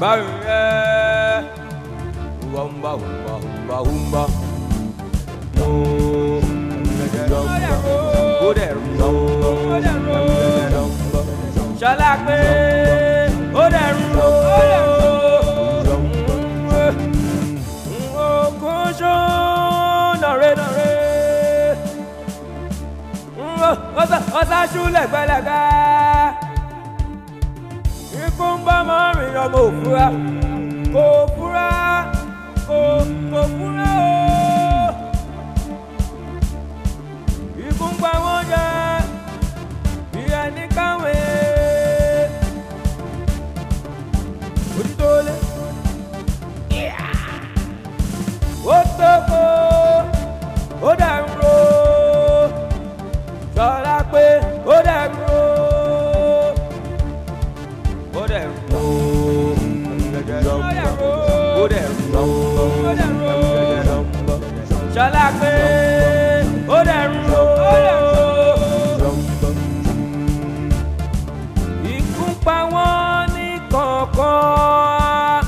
Maria. Wamba, wamba, wamba, wamba. Ṣọlá pé ó dẹ̀rù ó kún ṣó nọ̀rẹ́nọ̀rẹ́ ọ̀sà ṣúlẹ̀ gbẹlẹ̀gbẹ́ kó ń bá máa rìn ọmọ òfúra kò fúra kò kò fúra o ikú ń pa wọ́n jẹ bí ẹni káwé ojútólé ó tó kó ó dàrú ro sọ̀rọ̀ pé. ṣọlá pé ó dẹ̀rù ó dẹ̀rù. ikú pa wọ́n ní kọ̀ọ̀kan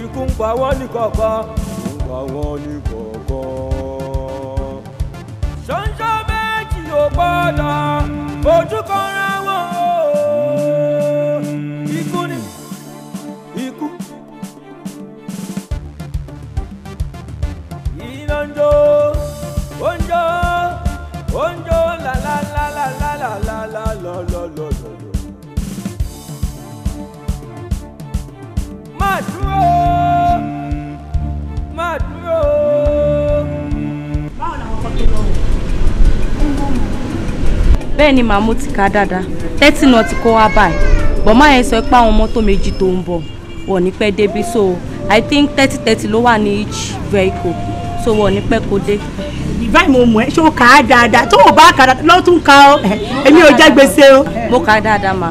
ikú pa wọ́n ní kọ̀ọ̀kan ikú pa ní kọ̀ọ̀kan. ṣọ́nṣọ́ méjì ò gbọ́dọ̀ fojú kan. lọ́lọ́lọ́lọ́lọ́. má dúró má dúró. báwo làwọn kan tó lọ rò. bẹ́ẹ̀ ni màmú ti ka dáadáa tẹ́tì náà ti kó wá báyìí bọ̀mọ́ yẹn sọ pé àwọn mọ́tò méjì tó ń bọ̀ wọ̀ ní pẹ́ débi so i think thirty thirty ló wà ní each vehicle so wọ̀ ní pẹ́ kó dé. ìbáyìí mo mọ̀ ẹ́ ṣé o kà á dáadáa tó o bá kà á lọ́tún ka ọ èmi ò jẹ́ gbèsè o. mo kà á dáadáa ma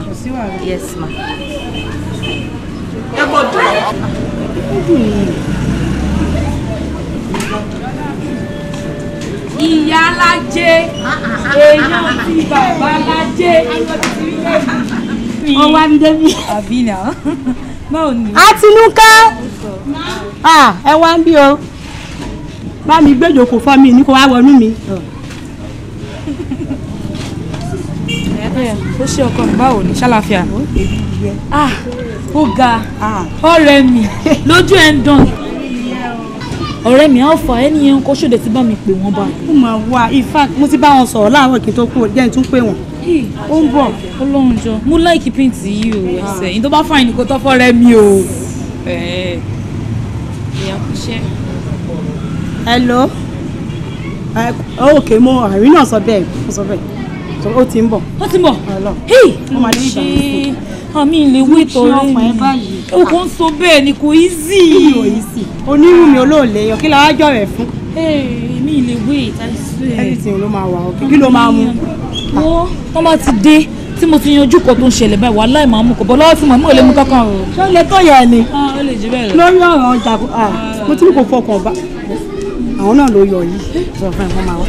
yes ma. ẹ bọ̀ tó. ó dùn mí. ìyá alájẹ èèyàn ti bàbá alájẹ wọn wá ń débi. àbí nà báwo ni. Àtinúkẹ́ ẹ wá ń bí o bá mi gbẹ́jọ kò fọ́ mi ní kó wá wọnú mi. ó ṣe ọkọ mi báwo ni ṣàlàfíà ó ga ọ̀rẹ́ mi lójú ẹ ń dán ọ̀rẹ́ mi á fà ẹni yẹn kó ṣòdè tí bá mi pè wọ́n bá. ó máa wá in fact mo ti bá wọn sọ̀rọ̀ láàárọ̀ kí n tó kú jẹ́ n tún pè wọ́n. ó ń bọ̀ ọlọ́run jọ mo láìkí píǹtì yìí o ẹsẹ̀ yìí tó bá fàìn kó tọ́ fọ́rẹ́ mi o. ẹ̀ẹ́ ìyá kò ṣe é hello oh, okay mo àrí náà sọ bẹ́ẹ̀ mo sọ bẹ́ẹ̀ ó ti ń bọ̀. ó ti ń bọ̀ ṣe àmì ìléwé ìtọ́rẹ́ mi o kò ń sọ bẹ́ẹ̀ ni kò í zì. onírú mi olóòlè yan kí la wá jọ rẹ̀ fún. èmi ìléwé ìtàlísí ẹ̀. everything ló máa wà òkè kí ló máa mu. wọ́n wọ́n bá ti dé tí mo ti yanjú kan tó ń ṣẹlẹ̀ báyìí wàhálà ìmọ̀ àmú kò bọ́ lọ́wọ́ fún mi mi ò lè mú kankan o. ṣé o lè tó yẹ ni. Ah, ó lè jù bẹ́ẹ̀ lọ. lórí ọ̀rọ̀ ọjà ah, mo tún kò fọkàn bá àwọn náà ló yọ yìí sọ fún fún ma wá.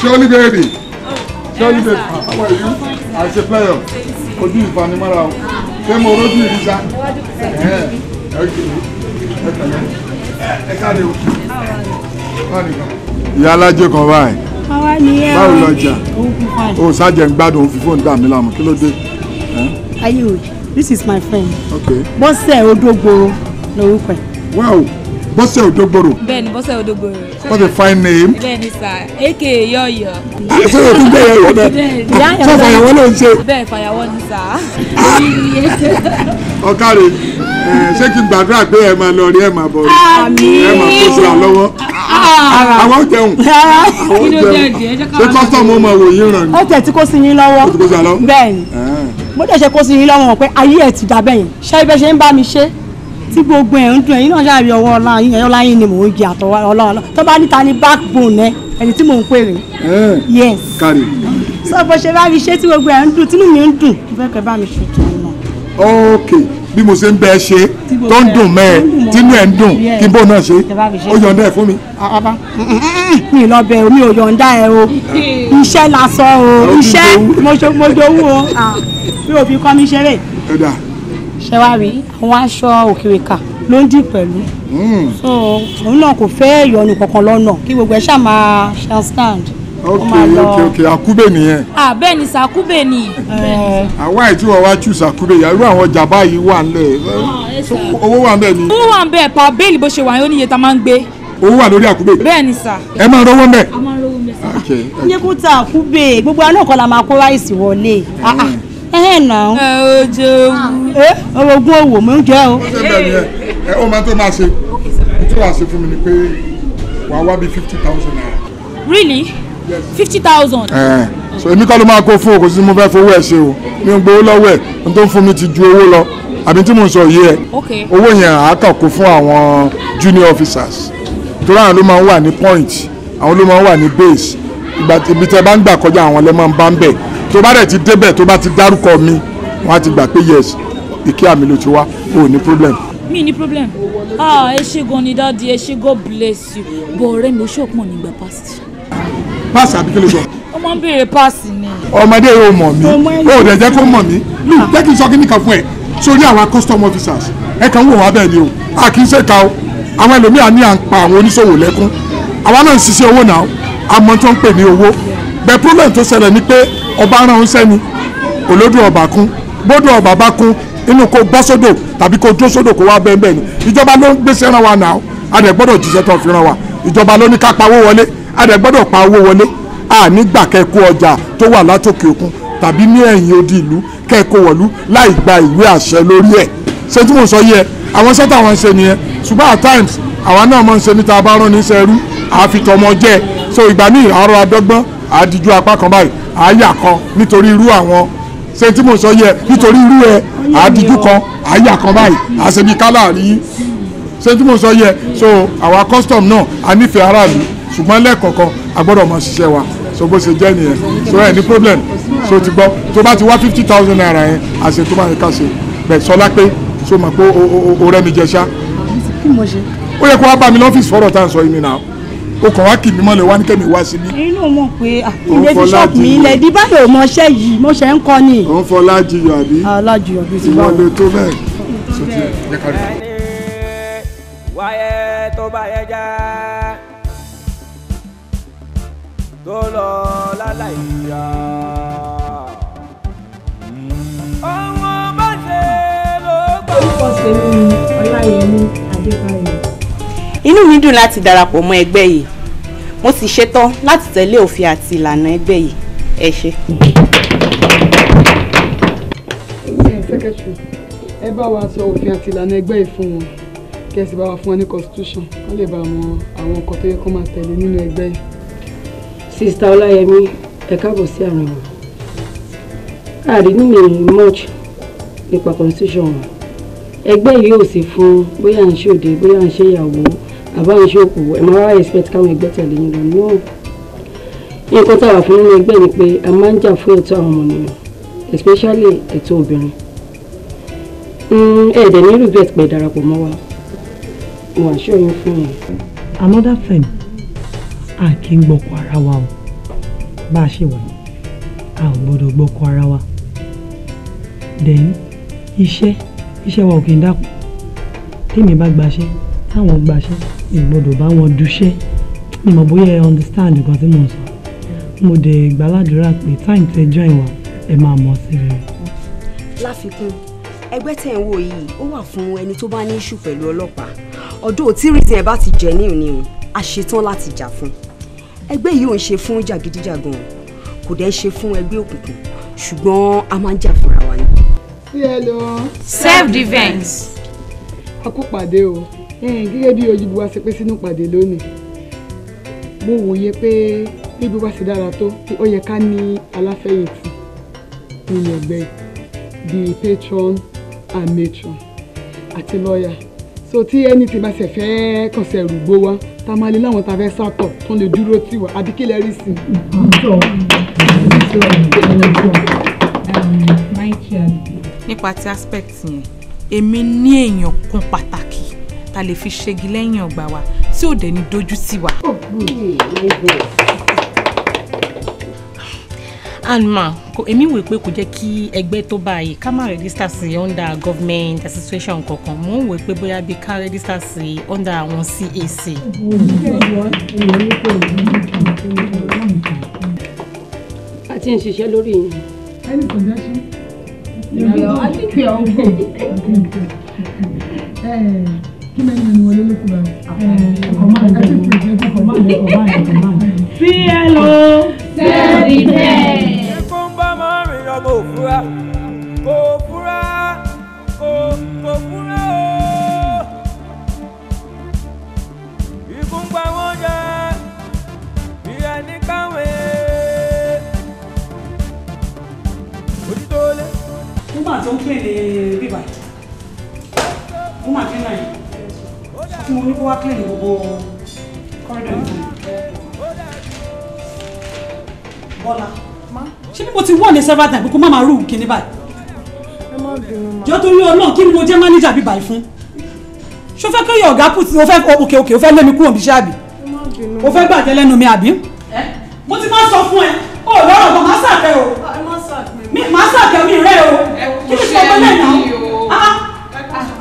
Surely baby, surely baby, how are you? As a player, ojú ìfanimọ́ra o, ṣé mo rójú ìrísá? Ìyá alájẹ kan báyìí. Eh, báwo lọjà o ṣàjẹ̀ ń gbádùn òfin fóònù dà mí láàmú kí ló dé. ayo this is my friend. okay. bọ́sẹ̀ odógboro lorúkọ ẹ̀. wow bọ́sẹ̀ odógboro. bẹ́ẹ̀ni bọ́sẹ̀ odógboro. what a fine name. bẹ́ẹ̀ni sà aka yọ̀yọ̀. Ah, ṣé o tún gbẹ̀yẹ̀ wọ bẹ́ẹ̀. sọ fàyàwọ́ ló ń ṣe. bẹ́ẹ̀ fàyàwọ́ ni sà. ọ̀kàrẹ̀ eh, ṣé kí n gbàdúrà pé ẹ máa lọ rí ẹ máa bọ̀ rí ẹ máa kó sí wa lọ́wọ́. Ah. àwọn ò jẹun ah. àwọn ò jẹun ṣé kọ́sítọ̀mù ọmọ òwòye ràn ní. ó tẹ̀ tí kò sí yín lọ́wọ́ bẹ́ẹ̀ ni ah. mo dẹ̀ ṣe kó sí yín lọ́wọ́ mọ̀ pé ayé ẹ̀ ti dàbẹ̀ yẹn ṣé ibẹ̀ ṣe ń bá mi ṣe tí gbogbo ẹ̀ ń dùn ẹ̀yin náà ṣàbí ọwọ́ ọlá yín ẹ̀yọ́ láyé ni mò ń jẹ àtọwọ́ ọlá ọlá tó bá níta ní backbone ẹ ẹni tí mò ń pè rè eh. yes kárí sọ bó ṣe bá mi ṣe tí gbogbo ẹ̀ ń dùn tínú mi ń dùn mo fẹ́ kẹ́ bá mi ṣètò ọ̀nà. ok bí mo ṣe ń bẹ ẹ ṣe tó ń dùn mẹ́ ẹ tínú ẹ̀ ń dùn kí bó náà ṣe ó yọ̀ǹda ẹ̀ fún mi. Ah, ah, mi lọ bẹ mi ò yọ̀ǹda ẹ o iṣẹ́ lásán o iṣẹ́ mojowó o ah, mi ò fi kọ́ mi ṣeré. ṣé wàá rí àwọn aṣọ òkèèrè kà ló ń dì pẹ̀lú hmm. so òun náà kò fẹ́ ìyọnu kankan lọ́nà kí gbogbo ẹ̀ ṣáà máa ṣe stand ok ok ok akube nìyẹn. ah bẹ́ẹ̀ ni sakube ni. Eh, àwa ẹ̀ tí wọ́n wá choose sakube yà irú àwọn jàmbá yìí wà nílẹ̀ ah, owó wà nílẹ̀ ni. owó wà níbẹ̀ pa bẹ́ẹ̀lì bó ṣe wà yóò níye tá a máa ń gbé. owó wà lórí akube. bẹ́ẹ̀ ni sà. ẹ máa rówó mbẹ. a máa rówó mbẹ sà. ní kúta akube gbogbo àná kan la máa kó ráìsì wọlé mm. ah, ah. ẹ̀hẹ́n náà. ẹ o jẹun. ẹ eh, orogún owó mò ń jẹ o. ó ṣe bẹ́ẹ̀ ni ẹ ó fifty thousand really fifty thousand. Eh, so èmi kọ́ ló máa kó fún òkú sí mo fẹ́ fowó ẹ̀ ṣe o mi ò gbowó lọ́wọ́ ẹ̀ n tó ń fún mi ti ju owó lọ àbí tí mò ń sọ yìí ẹ owó yẹn àá kàn kó fún àwọn junior officers torí àwọn ló máa ń wà ní point àwọn ló máa ń wà ní base ibi tẹ bá ń gbà kọjá àwọn lẹ máa ń bá ń bẹ̀ tó bá dẹ̀ ti débẹ̀ tó bá ti dárúkọ mi wọ́n á ti gbà pé yes ìkí àmì ló ti wá o ò ní problem. mi ní problem ah ẹ ṣe gan ni dáàdi ẹ ṣe god bless you bọ̀ ọ̀rẹ́ mi ó ṣọ̀pọ̀ nígbà past pass àbí kí ló sọ. ọmọ ń béèrè pass ni. ọmọdé yóò mọ̀ mí o ò dẹ̀ jẹ́ kó mọ̀ mí mi ah. jẹ́ kí n sọ kíní kan fún ẹ sórí àwa custom officers ẹ kàn wò wá bẹ́ẹ̀ ni o a kì í ṣe ka o àwọn ẹlòmíà ní à ń pa àwọn oníṣòwò lẹ́kún àwa náà ń ṣiṣẹ́ owó náà àmọ́ tó ń pè ní owó bẹ́ẹ̀ problem tó ṣẹlẹ̀ ni pé ọba rán òun sẹ́ni olódò ọba kún bódò ọba bá kún inú kó bọ́ sódò tàbí kó dó sódò kó wá bẹ́ẹ̀ bẹ́ẹ̀ ni ìjọba ló ń gbéṣẹ́ rán wa náà a dẹ̀ gbọ́dọ̀ jíṣẹ́ tó fi rán wa ìjọba ló ní ká pawó wọlé àdẹ gbọ́dọ̀ pa owó wọlé àní gbà kẹ́kọ ọjà tó wà látòkè òkun tàbí ní ẹ̀yìn odi ìlú kẹ́kọ wọ̀lú láì gba ìwé àṣẹ lórí ẹ̀ ṣé tí mo sọ yẹ àwọn sọ́tà wọn ṣe nìyẹn ṣùgbọ́n at times àwa náà máa ń ṣe níta bá rán ní sẹ́rú àfitọ́mọ jẹ́ so ìgbà míì àárọ̀ adọ́gbọ́n àdìjú apá kan báyìí àáyà kan nítorí irú àwọn ṣe tí mo sọ yẹ nítorí irú ẹ àdìjú kan àáyà kan báyìí àṣebí kálá rí ṣe tí mo sọ yẹ so àwa custom náà a nífẹ̀ẹ́ aráàlú ṣùgbọ́n lẹ́ẹ̀kọ̀ọ̀kan a gbọ́dọ̀ mọ ṣiṣẹ́ wa so bó ṣe jẹ́ nìyẹn so ẹ̀ ní problem so ti gbọ́ tó bá ti wá fifty thousand naira yẹn àṣẹ tó máa yẹ ká ṣe bẹ̀ sọlá pé so mọ̀ pé o rẹ́ mi jẹ ṣá. ó yẹ kó wá bá mi lọ́fíìsì fọ́rọ̀ tá à ń sọ yìí mi náà o kàn wá kì mí mọ́lẹ̀ wá ní kẹ́mi wá sí mi. inú mọ̀ pé ilé ti ṣọ́ọ̀bù mi ilẹ̀ di báyọ̀ mọṣẹ́ yìí mo ṣe ń kọ́ ni. ò ń fọlá jiyọ̀ àbí. ọlá jiyọ̀ bí ti bá wọn. ìwọ lè tó bẹ́ẹ̀. ẹni wáyé tó bá yẹ já. kó lọ láláì yá. bá ṣe ló gbọ́. orúkọ tèmi ni ọláyẹmí adébáyọ̀. inú mi dùn láti darapọ̀ mọ́ ẹgbẹ́ yìí mo sì ṣetán láti tẹ̀lé òfin àti ìlànà ẹgbẹ́ yìí ẹ ṣé. ẹ bá wa sọ òfin àti ìlànà ẹgbẹ́ yìí fún wọn kí ẹ bá wa fún wọn ní constitution kí wọ́n lè bá mọ àwọn nǹkan tó yẹ kó máa tẹ̀lé nínú ẹgbẹ́ yìí sista ọláyẹmí ẹ káàbọ̀ sí àárín I didn't mean much nípa constitution wọn ẹgbẹ́ yìí ò sí fún bóyá ń show òde We ń ṣe ìyàwó àbá ń ṣe òkú ẹ máa wá expect káwọn ẹgbẹ́ tẹ̀lé yín lọ náà nǹkan tá a wà fún nínú ẹgbẹ́ ni pé a máa ń jà fún ẹ̀tọ́ àwọn ọmọnìyàn especially ẹ̀tọ́ obìnrin hmm, ẹ̀ẹ́dẹ̀ ní regret pẹ̀ darapọ̀ mọ́ wa mo àṣọ yín fún yín. another thing a kì í gbọ́kọ̀ ara wa o bá a ṣe wà yìí a ò gbọ́dọ̀ gbọ́kọ̀ ara wa then iṣẹ́ iṣẹ́ wa ò kì í dákun tèmi bá gbaṣẹ́ táwọn gbaṣẹ́ ìgbọ́dọ̀ bá wọn duṣẹ́ mi mọ̀ bóyá ẹ understand nǹkan tí mo ń sọ mo dẹ̀ gbàládùra pé time tẹ join wa ẹ máa mọ̀ sí rere. láfikún ẹgbẹ́ tẹ̀ ń wò yìí ó wà fún ẹni tó bá ní ìṣù pẹ̀lú ọlọ́pàá ọdún òtí rìsìn ẹ̀ bá ti jẹ́ ní òní o a ṣetán láti jà fún un ẹgbẹ́ yìí ò ń ṣe fún jàgídíjàgan kò dẹ́ ṣe fún ẹgbẹ́ òkùnkùn ṣùgbọ́n a máa ń jà fúnra wa ni. self defence. a kú pàdé o gẹ́gẹ́ bí ojú bí ṣe pé sínú pàdé lónìí mo wòye pé bíbí wá ṣe dára tó ó yẹ ká ní aláfẹ̀yìntì ìyẹ̀gbẹ́ bíi patron and matron àti lọ́ọ̀yà so tí anything bá ṣe fẹ́ kọ̀ṣẹ̀ rúgbó wa tá a máa láwọn tá a fẹ́ tó lè dúró tì wá àdíkìlẹ̀ rí sí nípa ti aspect yẹn èmi ní èèyàn kan pàtàkì tá a lè fi ṣègi lẹ́yìn ọgbà wa tí ò dẹ̀ ní dojú tì wá. Oh, anma kò èmi wò pé kò jẹ́ kí ẹgbẹ́ tó báyìí ká má rẹ́gísítà sí under government association kankan mò ń wò pé bóyá bí ká rẹ́gísítà under àwọn CAC. a ti ń ṣiṣẹ́ lórí yẹn. ẹnì kò dá sí. I think we are okay. kí ni ẹni wọlé ló kúra ọkọ̀ máa ń tẹ̀lé ọkọ̀ máa ń tẹ̀lé ọkọ̀ máa ń tẹ̀lé. CLO. Service ọmọ òfúra kò fúra kò kò fúra o ikú ń pa wọ́n jẹ bí ẹni káwé ojútóolé. nígbà tó ń kéde bíbá ó mà kí náà wá kílè ní gbogbo kọ́rídọ̀ Bọ́lá ṣé mo ti wọ́ọ̀lẹ̀ several times kó má máa rú kinní báyìí. jọ torí ọlọ́run kí ni mo jẹ́ manager bí báyìí fún. ṣó fẹ́ kí ọ̀gá put o fẹ́ òkè òkè o fẹ́ lé mi kúrò níṣẹ́ àbí. o fẹ́ gbàjẹ́ lẹ́nu mi àbí. mo ti máa sọ fún ẹ o lọ́rọ̀ kan má sàkẹ́ o má sàkẹ́ mi rẹ́ o kí ni sọ pé lẹ́yìn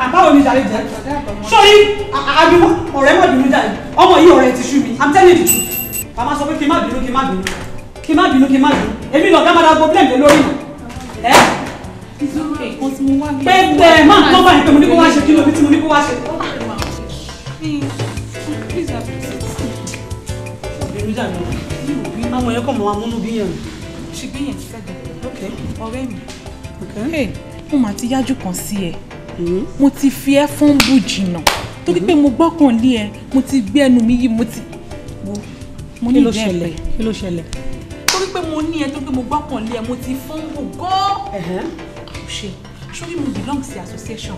àbáwo ah, ah, ah, ni jàre jẹ sórí àbí ọ̀rẹ́ mọ̀ bínú jàre ọmọ yìí ọ̀rẹ́ ti sú mi i'm telling you truth bàbá sọ pé kí n má bínú kí n má bínú kí má bínú kí má bínú èmi ni ọ̀gá máa gbọ́ blame lórí mi. pẹ́ẹ́pẹ́ má ń tọ́ báyìí pé mo ní kó wá ṣe kí ló fi tí mo ní kó wá ṣe. àwọn èèyàn kàn mọ́ amúnú bí yẹn. ṣùgbọ́n yẹn ti sẹ́gun ọ̀rẹ́ mi mo máa ti yájú kan sí ẹ hmm? mo ti fi ẹ fún bù jìnnà torí pé hmm? mo gbọ́kàn lé ẹ mo ti gbé ẹnu mi yí mo ti. kí ló ṣẹlẹ̀ kí ló ṣẹlẹ̀ torí pé mo ní ẹ tó pé mo gbọ́kànlé ẹ mo ti fún bò gán. ṣe sórí mo belong sí association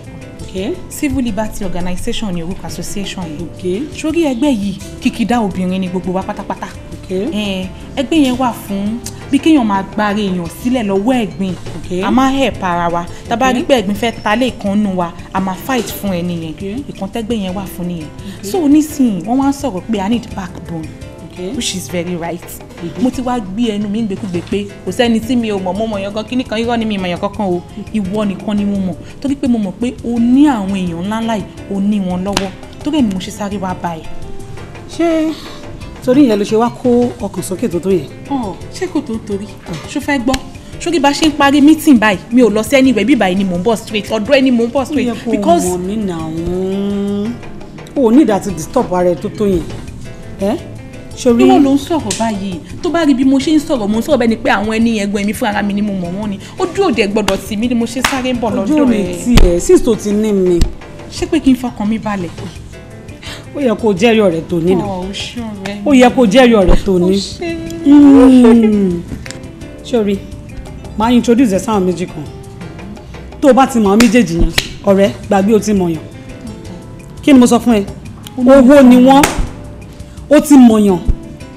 kan. civil liberty organization, ni orúkọ association yẹn. sórí ẹgbẹ́ yìí kìkìdá obìnrin ni gbogbo wa pátápátá. ẹgbẹ́ yẹn wà fún bí kéèyàn máa gbára èèyàn sílẹ̀ lọ́wọ́ ẹ̀gbin a máa help ara wa tá a bá rí pé ẹ̀gbin fẹ́ ta lé ìkan nù wa a máa fight fún ẹni yẹn ìkan tẹ́gbẹ́ yẹn wà fún nìyẹn so nísìnyí wọ́n wá ń sọ̀rọ̀ pé i need backbone which is very right mo ti wá gbé ẹnu mi gbẹkúgbẹ pé kò sẹ́ni tí mi ò mọ̀ mọ̀ yàn kíní kan irọ́ ni mi mọ̀ kankan o ìwọ nìkan ni mo mọ̀ torí pé mo mọ̀ pé o ní àwọn èèyàn ńláńlá yìí o ní wọn lọ́wọ́ torí ẹ̀ mo ṣe sáré wá báyìí. ṣé torí ìyẹn ló ṣe wá kó ọkàn sókè tó tó yẹn. ọ ṣé kò tó torí ṣó fẹ́ gbọ́ ṣókè bá ṣe ń parí meeting báyìí mi ò lọ sí anywhere bí báyìí ni mò ń bọ̀ straight ọ̀dọ̀ ẹ mò ń bọ̀ straight because. ó yẹ kó o mọ̀ mí nà ó ìdá ti disturb ara ẹ tó tó yẹn sori ìwọ ló ń sọ̀rọ̀ báyìí tó bá rí bí mo ṣe ń sọ̀rọ̀ mo ń sọ̀rọ̀ bẹ́ẹ̀ ni pé àwọn ẹni ẹgbẹ́ mi fúnra mi ni mo mọ̀ wọ́n ni ojú òde gbọ́dọ̀ tì mí ni mo ṣe sáré ń bọ̀ lọ́dọ̀ rẹ̀. ojú mi tiẹ̀ sísè tó ti ní mi. ṣé pé kí n fọkàn mi balẹ̀. ó yẹ kó jẹ́rìí ọ̀rẹ́ tó ní nà ó yẹ kó jẹ́rìí ọ̀rẹ́ tó ní. sori máa introduce ẹ sáwọn méjì kan tó o bá ti mọ̀ ọ́ méjèèjì yẹn ọ̀rẹ́ gbàgbé o ti mọ̀ yàn kí ni mo sọ fún ẹ owó ni wọ́n ó ti mọ̀yàn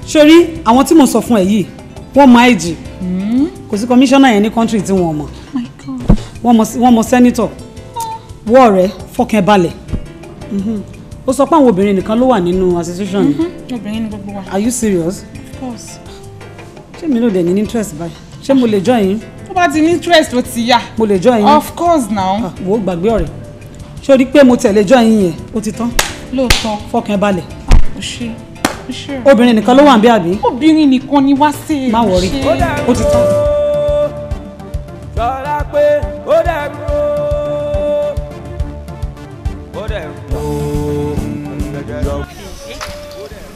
sórí àwọn tí mo sọ fún ẹ yìí wọ́n mọ IG hmm? kò sí kọmíṣánná yẹn ní kọ́ńtírì tí wọ́n mọ̀ oh wọ́n mọ sẹ́nítọ̀ oh. wọ́ ọ̀rẹ́ fọkàn balẹ̀ mm-hmm. ó sọ pé àwọn obìnrin nìkan ló wà nínú association yìí mm-hmm. obìnrin ni gbogbo wa are you serious of course ṣé mi ló dẹ̀ ní interest báyìí ṣé mo lè join yín. tó bá ti ní interest ó ti yá. mo lè join of course now. Ah, wò ó gbàgbé ọ̀rẹ́ ṣé o rí i pé mo tẹ̀lé join yín yẹn ó ti tán. lóòótọ́ fọkàn balẹ̀. Ah, ó ṣe obìnrin nìkan ló wà ń bí àbí. obìnrin nìkan ni wá sí i. má wọrí ó ti tán. sọlá pé ó dẹ̀rù ó dẹ̀rù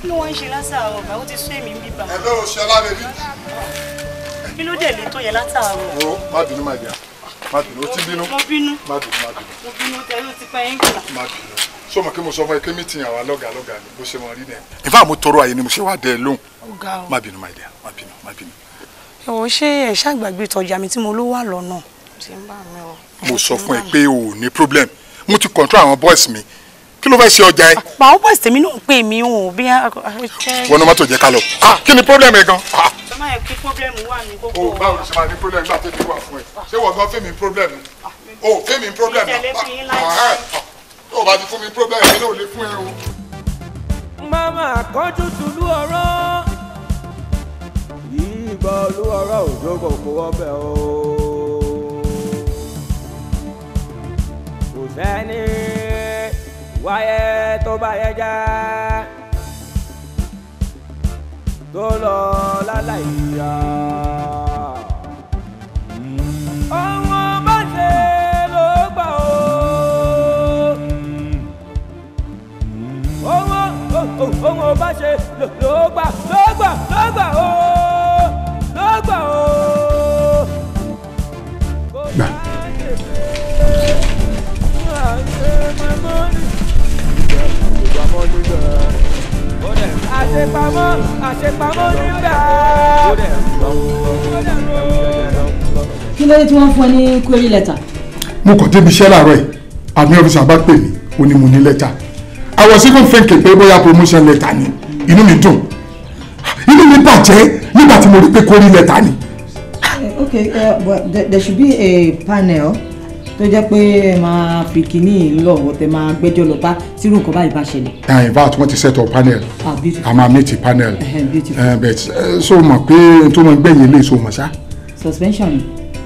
kí ló wá ń ṣe látàárọ̀ ọ̀gá ó ti sún èmi bíbá. ẹ lọ́rọ̀ ṣe alábẹ́bí. kí ló dé lè tó yẹ látàárọ̀. o má bínú má bínú má bínú ó ti bínú. mo bínú mo bínú tẹ́lú ti pa ẹ́ ń má bínú sọ ma kí mo sọ fún ẹ kí mi tìyàn wá lọ́gà lọ́gà ni bó ṣe mọ rí nìyẹn. ìfá mo tọrọ àyè ni mo ṣe wá dẹ lóhùn. ọ̀gá o má bínú má ìdíyà má bínú má bínú. ẹ̀wọ̀n ṣé ẹ̀ ṣàgbàgbé ìtọ́jà mi tí mo ló wà lọ́nà. mo sọ fún ẹ pé o ò ní problem mo ti control àwọn boys mi kí ló fẹ́ ṣe ọjà ẹ. àpò àwọn boys tèmi náà ń pè mí o bí. wọn ni mọ́tò jẹ́ ká lọ kí ni problem ẹ gan. ṣé máa yẹ kí problem wà ní gbogbo. o báwo ni ṣe máa ní problem nígbà tó ti wà fún ẹ ṣé problem ah, o fẹ́mi problem tó o bá ti fún mi problem mi náà lè fún ẹ o. mama kọjú tùlú ọ̀rọ̀ ìbọn olú ọ̀rọ̀ òjò kò kó ọbẹ̀ o. kò sẹ́ni wáyé tó bá yẹ já tó lọ lálàyé tó bá ṣe ló gbà ló gbà ló gbà ó ló gbà ó. àṣepamọ́ àṣepamọ́ nígbà. kí ló dé tí wọ́n fún ẹ ní query letter. mo kàn débi iṣẹ́ láàárọ̀ yìí àmì ọ̀fíìsì àbá pè mí ó ní mo ní lẹ́tà I was even thinking pé bóyá promotion letter ni inú mi dùn inú mi bàjẹ́ nígbà tí mo rí pé kórí letter ni. okay uh, but there, there should be a panel tó jẹ́ pé ẹ máa fi kínní lọ́wọ́ tẹ máa gbẹ́jọ́ lọ́pá tírú nǹkan báyìí bá ṣẹlẹ̀. ẹ ah, in fact wọ́n ti set up panel Ah, beautiful. a máa meet panel eh, but so eh, mọ̀ pé to máa gbẹ̀yìn lè so mọ̀ ṣá. suspension.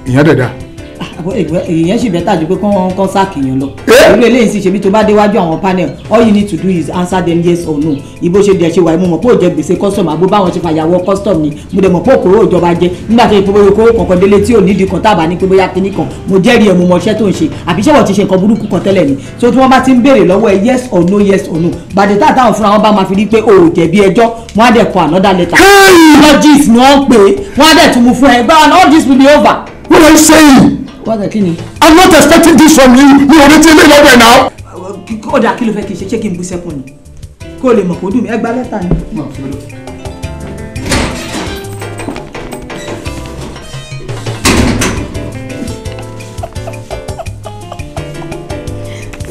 ìyẹn dẹ̀ dáa ìyẹn sì bẹ́tà ju pé kán kán sáàkì lọ eh? irú eléyìí sì ṣe bí tó bá déwájú àwọn panel all you need to do is answer them yes or no ibo ṣe dẹ̀ ṣe wà mo mọ̀ pé ó jẹ gbèsè custom àgbo báwọn ṣe fàyàwọ́ custom ni mo dẹ̀ mọ̀ pé òkòrò ìjọba jẹ nígbà tó yẹ pé bóyá kankan délé tí ò ní ìdìkan tábà ní pé bóyá kinní kan mo jẹ́rìí ẹ̀ mo mọ iṣẹ́ tó ń ṣe àbí ṣé wọ́n ti ṣe nǹkan burúkú kan tẹ́lẹ̀ ni so tí wọ́n bá ti ń béèrè lọ́wọ́ ẹ yes or no yes or no bàdé tá fúnra wọn bá máa fi rí pé o jẹ̀bi ẹjọ́ wọn á dẹ̀ kọ another letter logis ni wọ́n ń pè é wọ́n á dẹ̀ tún mu fún ẹ gbára all this will be over. wọ́n lọ ṣe yìí Bọ́dà kí ni? I'm not expecting this from you. Mi ò retí ilé lọ́dọ̀ ẹ̀ náà. Ọ̀dà kí ló fẹ́ kí n ṣe ṣé kí n bú sẹ́kùn ni? Kó o lè mọ̀ kó dùn mí. Ẹ gba lẹ́tà ni.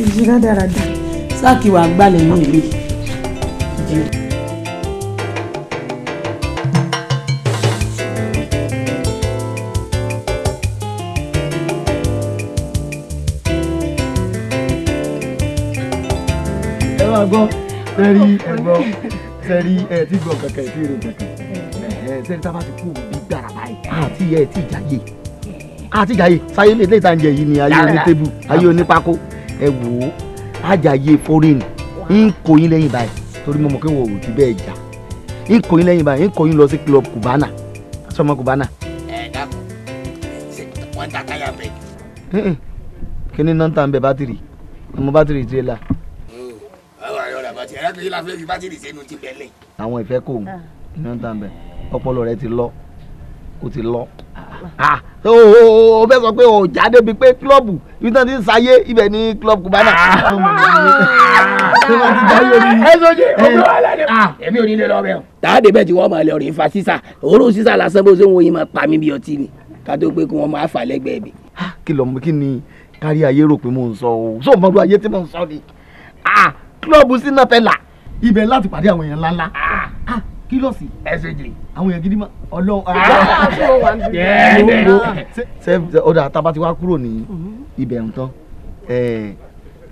Ìjìnlá dáradá. Sáà kí wàá gbalẹ̀ ní ìlú. máa gbọ́ sẹ́rí ẹ̀gbọ́n sẹ́rí ẹ̀ tí gbọ́ kankan ẹ̀ tí rìn kankan ẹ̀ sẹ́rí tá a bá ti kú bí gbàrà báyìí àti ẹ̀ tí jáyé àti jáyé sáyé ilé ìta ń yìí ni ayé oní tébù ayé oní pákó ẹ wò ó àjàyé foreign ń kó yín lẹ́yìn báyìí torí mo mọ̀ pé wò ó ti bẹ́ẹ̀ jà ń kó yín lẹ́yìn báyìí ń kó yín lọ sí club cubana sọmọ cubana. ẹ dàpọ̀ ṣe wọ́n ń ta táyà bẹ́ẹ̀. kí ni nọ́ńtà ń bẹ bátìrì ọmọ bátìrì tirẹ̀là àyà tó yẹ la fẹ́ fi àwọn ìfẹ́ kò ah. ń iná ń tàn bẹ̀ ọpọlọ rẹ ti lọ ó ti lọ. Ah. Ah. o bẹ sọ pé o jáde bíi pé kílọ̀bù ibi tí wọ́n ti ń sayé ibẹ̀ ní kílọ̀bù Cubana. ẹ sọ́jẹ́ eh. ọmọ aládé èmi ò ní lè lọ bẹ́ẹ̀ o. tàádé bẹ́ẹ̀ tí wọ́n máa lè ọ̀rìn fa sísà òórùn sísà lásán bó ṣe ń wo yín máa pa mí bí ọtí ni ká tó pé kí wọ́n máa fà lẹ́gbẹ̀ẹ́ mi. kí ló ń kí ni kárí ayé rò pé mò ń sọ o sóò mọ́tò ayé tí mò ń sọ ni kílọ̀bù sínàfẹ́là ibẹ̀ láti pàdé àwọn èèyàn ńláńlá ah. Ah, ah, kí lọ sí. ẹsẹjì. àwọn èèyàn gidi ma Ọlọ́run. ṣe ọ̀dà taba ti wá kúrò ní mm-hmm. ibẹ̀ ń tán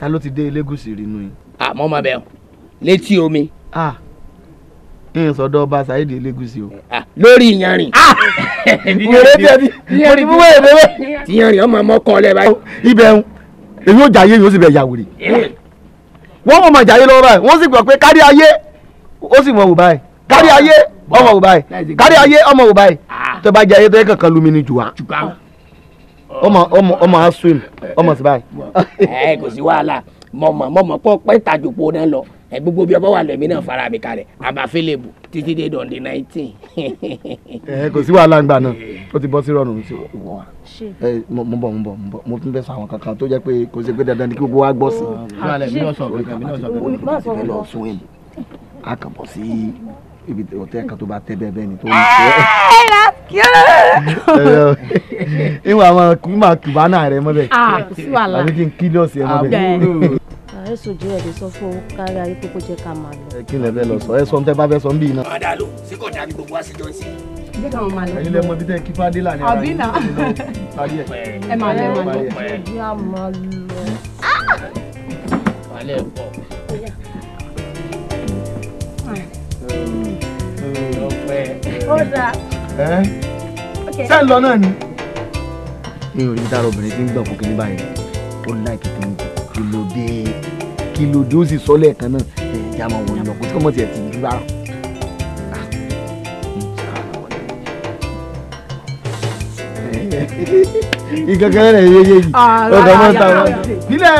ta ló ti dé Ẹlẹ́gùṣì rí nu yìí. àmọ́ máa bẹ̀ ọ́ létí omi. ìyẹn sọdọ ọba Saheed Ẹlẹ́gùṣì o. lórí ìyanrìn. ìyanrìn tí a ti ìyanrìn tí wọ́n yẹ bẹ́ẹ̀. ìyanrìn ọmọ ọmọ kọ́ ọ lẹ́ẹ̀ báyìí. ibẹ̀ ń èyí ó jà yé yóò sì bẹ̀ yà wèrè. Eh wọ́n mọ̀ mọ̀ jàyé lọ́wọ́ báyìí wọ́n sì gbọ́ pé kárí ayé ó sì mọ̀ wò báyìí kárí ayé ọmọ wò báyìí kárí ayé ọmọ wò báyìí ah. tó bá jẹ ayé tó yẹ kankan lumi ni jù wá ọmọ ọmọ ọmọ swim ọmọ sí báyìí. ẹ eh, kò sí wàhálà mọ̀mọ̀ mọ̀mọ̀ pọ̀ pẹ́ ìtàjòpó náà lọ ẹ gbogbo bí ọba wà lẹ́mí náà fara mi kalẹ̀ abafẹ́lẹ́bù títí dé dọ̀ndé nineteen. ẹ kò sí wàhálà ńgbà náà ó ti bọ́ sí rọrùn sí wọn ẹ mo bọ̀ mo bọ̀ mo bọ̀ mo tún bẹ sàwọn kankan tó jẹ́ pé kò sí pé dandan ni kí gbogbo wa gbọ́ sí. a kàn bọ̀ sí ibi ọ̀tẹ́ kan tó bá tẹ́ bẹ́ẹ̀ bẹ́ẹ̀ ni tó ń tẹ́ ah, ìwà àwọn kùmà kùbánà rẹ mọ́bẹ̀ ah, àbí kí n kílíọ̀sì ẹ mọ́bẹ̀ ẹ sojú ẹ lè sọ fún òun kárí ayé kókó jẹ ká máa lọ. kí lẹ fẹ́ lọ sọ ẹ sọ tẹ bá fẹ́ sọ ń bí iná. ọ̀dà lò sí kò dàbí gbogbo àṣejọ sí. jẹ́ káwọn máa lọ. ẹ̀yin lẹ mọ títẹ kí fadé là ní ara yìí. ẹ máa lọ ẹ máa lọ. ẹ máa lọ. wàhálà ń lọ náà ni. mi ò ní dára obìnrin tí ń gbọ̀n fún kinní báyìí ó láìkí tó ń kí ló dé kìlò dé ó sì sọ lẹ́ẹ̀kan náà ẹ̀ẹ́dá máa wọ̀ ìlọ̀kùn tí kò mọ̀ tiẹ̀ ti dúró rárá. Ah. Ah, ìkankan rẹ̀ yeye yìí ọ̀gá máa ta wọn. bílẹ̀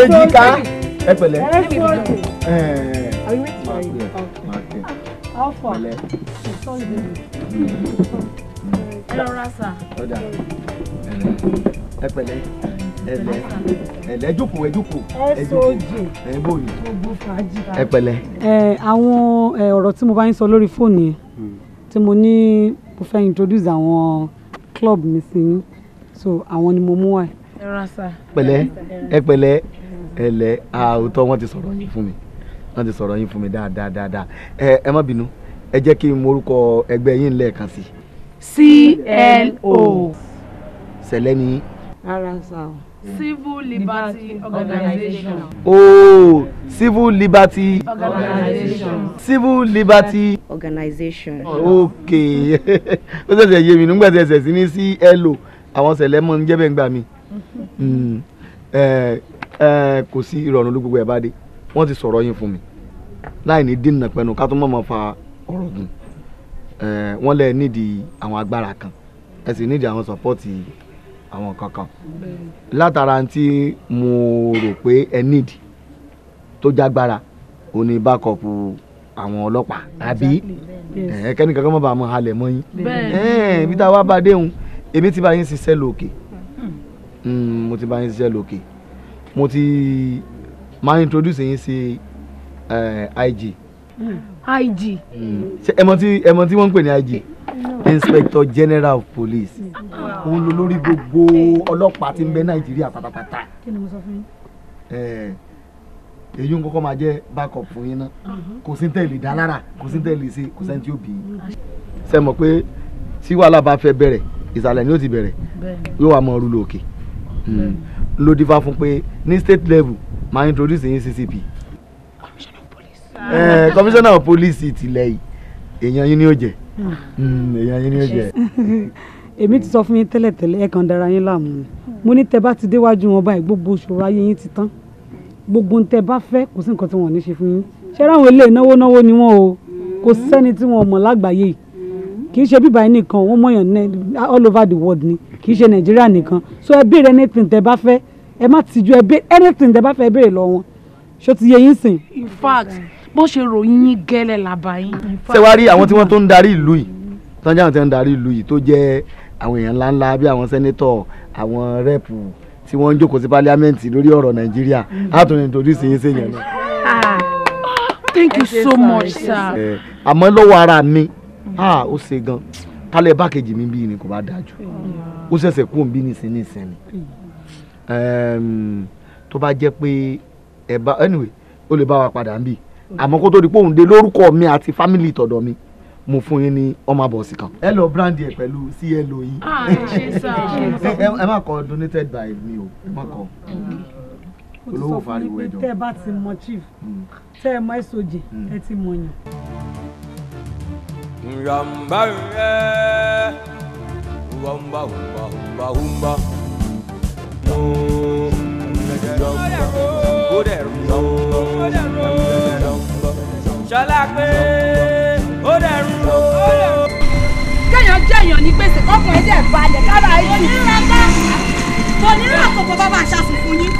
èjì ká ẹ pẹ̀lẹ́. ẹ ah, lọ ra sa. ẹ pẹ̀lẹ́ ẹlẹ ẹlẹ jókòó ẹ jókòó ẹ jókòó ẹ bóyì ẹ pẹ̀lẹ́. ẹ àwọn ọ̀rọ̀ tí mo bá ń sọ lórí fóònù yẹn hmm. tí mo ní mo fẹ́ introduce àwọn club mi sí yín so àwọn ni mo mú wá. pẹ̀lẹ́ ẹ pẹ̀lẹ́ ẹlẹ àwòtọ wọn ti sọ̀rọ̀ yín fún mi wọn ti sọ̀rọ̀ yín fún mi dáadáa dáadáa ẹ ẹ má bínú ẹ jẹ́ kí n morúkọ ẹgbẹ́ yín lẹ́ẹ̀kan sí. clo. sẹlẹ ni. ara sa o. Civil Liberty Organization. Oh, Civil Liberty Organization. Civil Liberty Organization. Okay. Ó ṣẹ̀ṣẹ̀ yé mi nígbà tí ẹ̀ṣẹ̀ sí ní CLO àwọn ṣẹlẹ̀ mọ́ ń jẹ́ bẹ́ẹ̀ ń gbà mí. Hmm. Kò sí ìrọ̀rùn ló gbogbo ẹ̀ bá dé. Wọ́n ti sọ̀rọ̀ yín fún mi. Láì ní dínà pẹ̀lú ká tó mọ̀ mọ́ fa ọ̀rọ̀ gùn. Wọ́n lẹ̀ nídìí àwọn agbára kan. Ẹ sì nídìí àwọn sọ́pọ́ọ̀tì àwọn nǹkan kan látara tí mo rò pé ẹ need tó jágbára ò ní backup àwọn ọlọ́pàá àbí kẹ́ni kankan mọ̀ bá mọ̀ halẹ̀ mọ́ yín ibi tá a wá bá a déhùn èmi ti bá yín ṣiṣẹ́ lókè hmm. Hmm, mo ti bá yín ṣiṣẹ́ lókè mo ti máa introduce yín sí eh, IG. IG. Hmm. ẹ mọ̀ tí wọ́n ń pè ní IG inspector general of police òun ló lórí gbogbo ọlọ́pàá tí ń bẹ nàìjíríà pátápátá èyí ń kọ́kọ́ máa jẹ́ backup fún yín náà kò sí tẹ̀lé dá lára kò sí tẹ̀lé ṣe kò sẹ́ni tí ó bì í ṣe mọ̀ pé tí wàhálà bá fẹ́ bẹ̀rẹ̀ ìsàlẹ̀ ni ó ti bẹ̀rẹ̀ yóò wá mọ ọrùn lòkè ló dífá fún pé ní state level máa introduce yín CCP commissioner of police ìtìlẹ̀ yìí èèyàn yín ni ó jẹ́ Hmm, èyí ayé ni ó jẹ. èmi ti sọ fún yín tẹ́lẹ̀tẹ́lẹ̀ ẹ kàn dára yín láàmú ni mo ní tẹ bá ti déwájú wọn báyìí gbogbo ìṣòro ayé yín ti tán gbogbo ń tẹ bá fẹ́ kò sí nǹkan tí wọ́n ní ṣe fún yín ṣé ráwọn ilé náwó náwó ni wọ́n o kò sẹ́ni tí wọ́n mọ̀ lágbàáyé kì í ṣe bíbá yín nìkan wọ́n mọ̀yàn all over the world ni kì í ṣe nàìjíríà nìkan so ẹ béèrè anything tẹ bá fẹ́ ẹ má tijú ẹ béèrè anything tẹ bá fẹ́ béèrè lọ wọn ṣó ti yẹ yín sìn. in fact bó ṣe ròyìn yín gẹ́lẹ́ làbá yín. ṣé wàá rí àwọn tí wọ́n tó ń darí ìlú yìí mm-hmm. tó ń jẹ́ àwọn tí wọ́n ń darí ìlú yìí tó jẹ́ àwọn èèyàn ńláńlá bí àwọn sẹ́nẹ́tọ̀ àwọn rẹ́pù tí wọ́n ń jókòó sí pálíámẹ́ǹtì lórí ọ̀rọ̀ nàìjíríà á mm-hmm. tún introduce yín sí náà. Ah, thank you so much sir. àmọ́ lọ́wọ́ ara mi mm-hmm. ah, ó ṣe gan kálẹ̀ bákejì mi bí ni kò bá dájú ó ṣẹ̀ṣẹ̀ kú òun bí nìsín nìsín ni tó bá jẹ́ pé ẹ bá anyway ó lè bá wa padà ń bì àmọ́ kó tó di pé òun dé lórúkọ mi àti fámìlì tọ̀dọ̀ mi mo fún yín ní ọmọ àbọ̀sí kan. ẹ lọ brandy ẹ pẹ̀lú clo yín. Ah, ẹ má kọ donated by me o ẹ má kọ mm. olówó fariwo ẹjọ. tẹ́ ẹ bá ti mọ chief mm. tẹ́ ẹ mọ ẹsọjì mm. ẹ ti mọ yàn. nyamba rẹ wamba wamba wamba wamba mo nyamba mo dẹrù mo dẹrù ṣọlá pé ó dẹ̀rù o. kéèyàn jẹ́ èèyàn ní gbèsè kọ́kùnrin dẹ̀ balẹ̀ kára ayé mi. onírànlá onírànkòkò bàbá àṣà funfun yín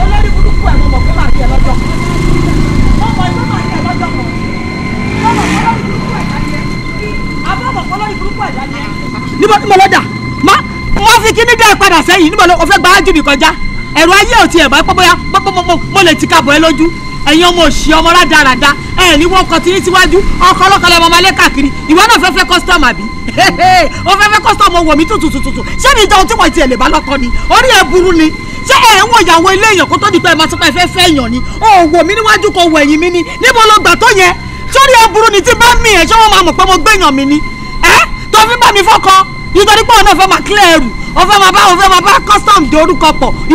olórí burúkú ẹ̀ mo mọ̀ pé màá fi ẹ̀ lọ́jọ́ kan mo mọ̀ pé màá fi ẹ̀ lọ́jọ́ kan mo mọ̀ pé olórí burúkú ẹ̀ dání ẹ̀ àbọ̀ mọ̀ pé olórí burúkú ẹ̀ dání ẹ̀. níbo ni mo lọ dà má mo fi kíní dá ẹ padà sẹ́yìn níbo ló o fẹ́ gbáájú mi kọjá ẹ̀rọ ayé ò tiẹ̀ bá pọ́ bóyá pọ́ pọ́ mo lè ti kábọ̀ ẹ lójú ẹ̀yin ọmọ òṣì ọmọ rádaràda ẹ̀ ní wọ́n kọ́ tí yín síwájú ọkọ̀ ọlọ́kọ̀ lẹ́mọ máa káàkiri ìwọ náà fẹ́fẹ́ kọ́sítọ́mù àbí ó fẹ́fẹ́ kọ́sítọ́mù wọ̀ mí tutututu ṣé ní ìjọ tí wọ́n ti ẹ̀ lè bá lọ́kọ ni orí ẹ̀ burú ni ṣé ẹ̀ ń wọ ìyàwó ilé èèyàn kó tó di pé ẹ máa sọ pé fẹ́ fẹ́ ni ó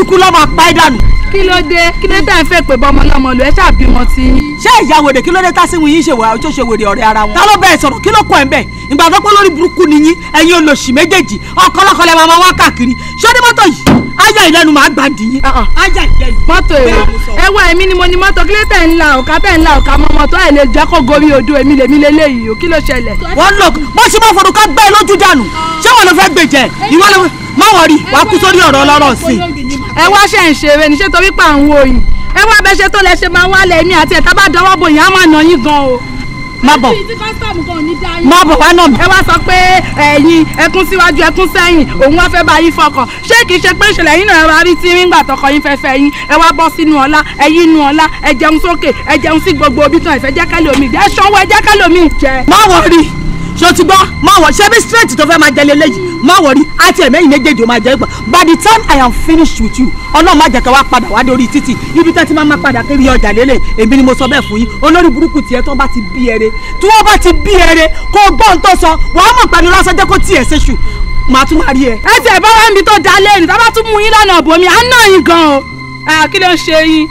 mi ni níbo ló kí ló dé kí ló dé tá à ń fẹ́ pé bọ́mọ lọ́mọ lò ẹ́ ṣàbímọ tí yín. ṣé ìyá wèrè kí ló dé tásìwò yín ṣe wà ojú ṣe wèrè ọ̀rẹ́ ara wọn. ta ló bẹ̀rẹ̀ sọ̀rọ̀ kí ló kọ́ ẹ̀ ń bẹ̀ ìgbà tó pé lórí burúkú ni yín ẹ̀yin olóṣì méjèèjì ọkọlọ́kọlẹ̀ máa máa wá káàkiri ṣé ní mọ́tò yìí ájà ìlẹ́nu máa gbà dì ájà ah, ah. ìlẹ́nu. mọ́tò èrò ẹ wá ni mo ni mọ́tò kílé tẹ̀ ń la òkà tẹ̀ ń la òkà mọ́ mọ́tò ẹ̀ lè jẹ́ kó gorí odò èmi lèmi lélẹ́yìí o kí ló ṣẹlẹ̀. wọ́n lọ bó ṣe mọ́ forúkọ gbẹ́ lójú dànù ṣé wọn ló fẹ́ gbèjẹ́ ìwọ ló má wọrí wàá kú sórí ọ̀rọ̀ ọlọ́rọ̀ sí i. ẹ wá ṣe ń ṣe eré níṣẹ́ torí pa àwọn oyin ẹ wá bẹ ṣe tó lẹ ṣe máa wálẹ̀ èmi àti ẹ̀ta bá dọwọ́ bò yín á máa nà yín gan o. má bọ̀ má bọ̀ wá nà mí. ẹ wá sọ pé ẹ̀yin ẹkún síwájú ẹkún sẹ́yìn òun wá fẹ́ bá yín fọkàn ṣé kìí ṣe pé ìṣẹ̀lẹ̀ yín náà wá rí tí ń gbà tọkọ yín fẹ́fẹ́ yín ẹ wá bọ́ sínú ọlá ẹ yí inú ọlá ẹ jẹun sókè ẹ jẹun sí gbogbo obi tán ẹ ẹ ṣọwọ́ ẹ jẹ́kẹ́lẹ́ omi má wọrí ṣó ti gbọ́ má wọ ṣẹ́bí straight tó fẹ́ máa jẹ lélẹ́yìí má wọrí àti ẹ̀mẹ́yìn méjèèjì ó máa jẹ́ pọ̀ by the time I am finished with you ọlọ́run má jẹ́ ká wá padà wá dórí títì ibi tẹ́ ti máa má padà kiri ọjà lélẹ̀ èmi ni mo sọ bẹ́ẹ̀ fún yín olórí burúkú tiẹ̀ tó bá ti bí ẹrẹ tí wọ́n bá ti bí ẹrẹ kó o gbọ́ ohun tó sọ wàá mọ̀ pẹ̀lú lásán jẹ́ kó tiẹ̀ ṣe ṣù màá tún máa rí ẹ. ẹ ti ẹ̀ bá wẹ́ẹ̀mí tó dalé ní tábà tún mú yín lọ́nà ọ̀bọ̀mí à ń ná yín gan-an kí ló ń ṣe yín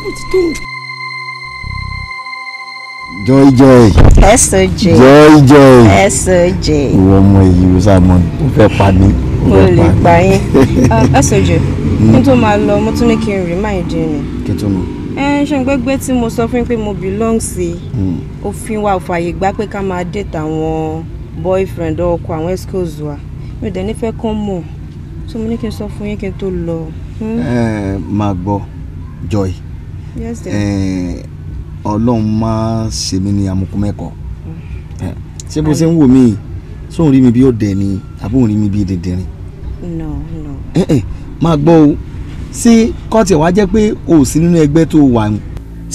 joy joy. soj joy joy. soj. ìwọ ọmọ èyí sáàmọ ó fẹ́ pa mí. mo lè pa yín soj kí n tó máa lọ mo tún ní kí n remind yín ni. kí n tó mọ. ẹ ń ṣe gbẹgbẹ tí mo sọ fún yín pé mo belong sí hmm. òfin wa ò fààyè gbà pé ká máa date àwọn boyfriend ọkọ àwọn excuse wa mi ò dẹ̀ nífẹ̀ẹ́ kán mọ̀ so mo ní kí n sọ fún yín kí n tó lọ. Hmm? ẹ máa gbọ́ joy. yes dear ọlọ́run má ṣe mí ní amukumẹ́kọ mm. ṣé bó ṣe ń wò mí sóun rí mi bí ọ̀dẹ̀ ni àbóun rí mi bí dìndìnrín. máa gbọ́ o ṣé kọ́ọ̀tì ẹ̀ wá jẹ́ pé o ò sí nínú ẹgbẹ́ tó wà ní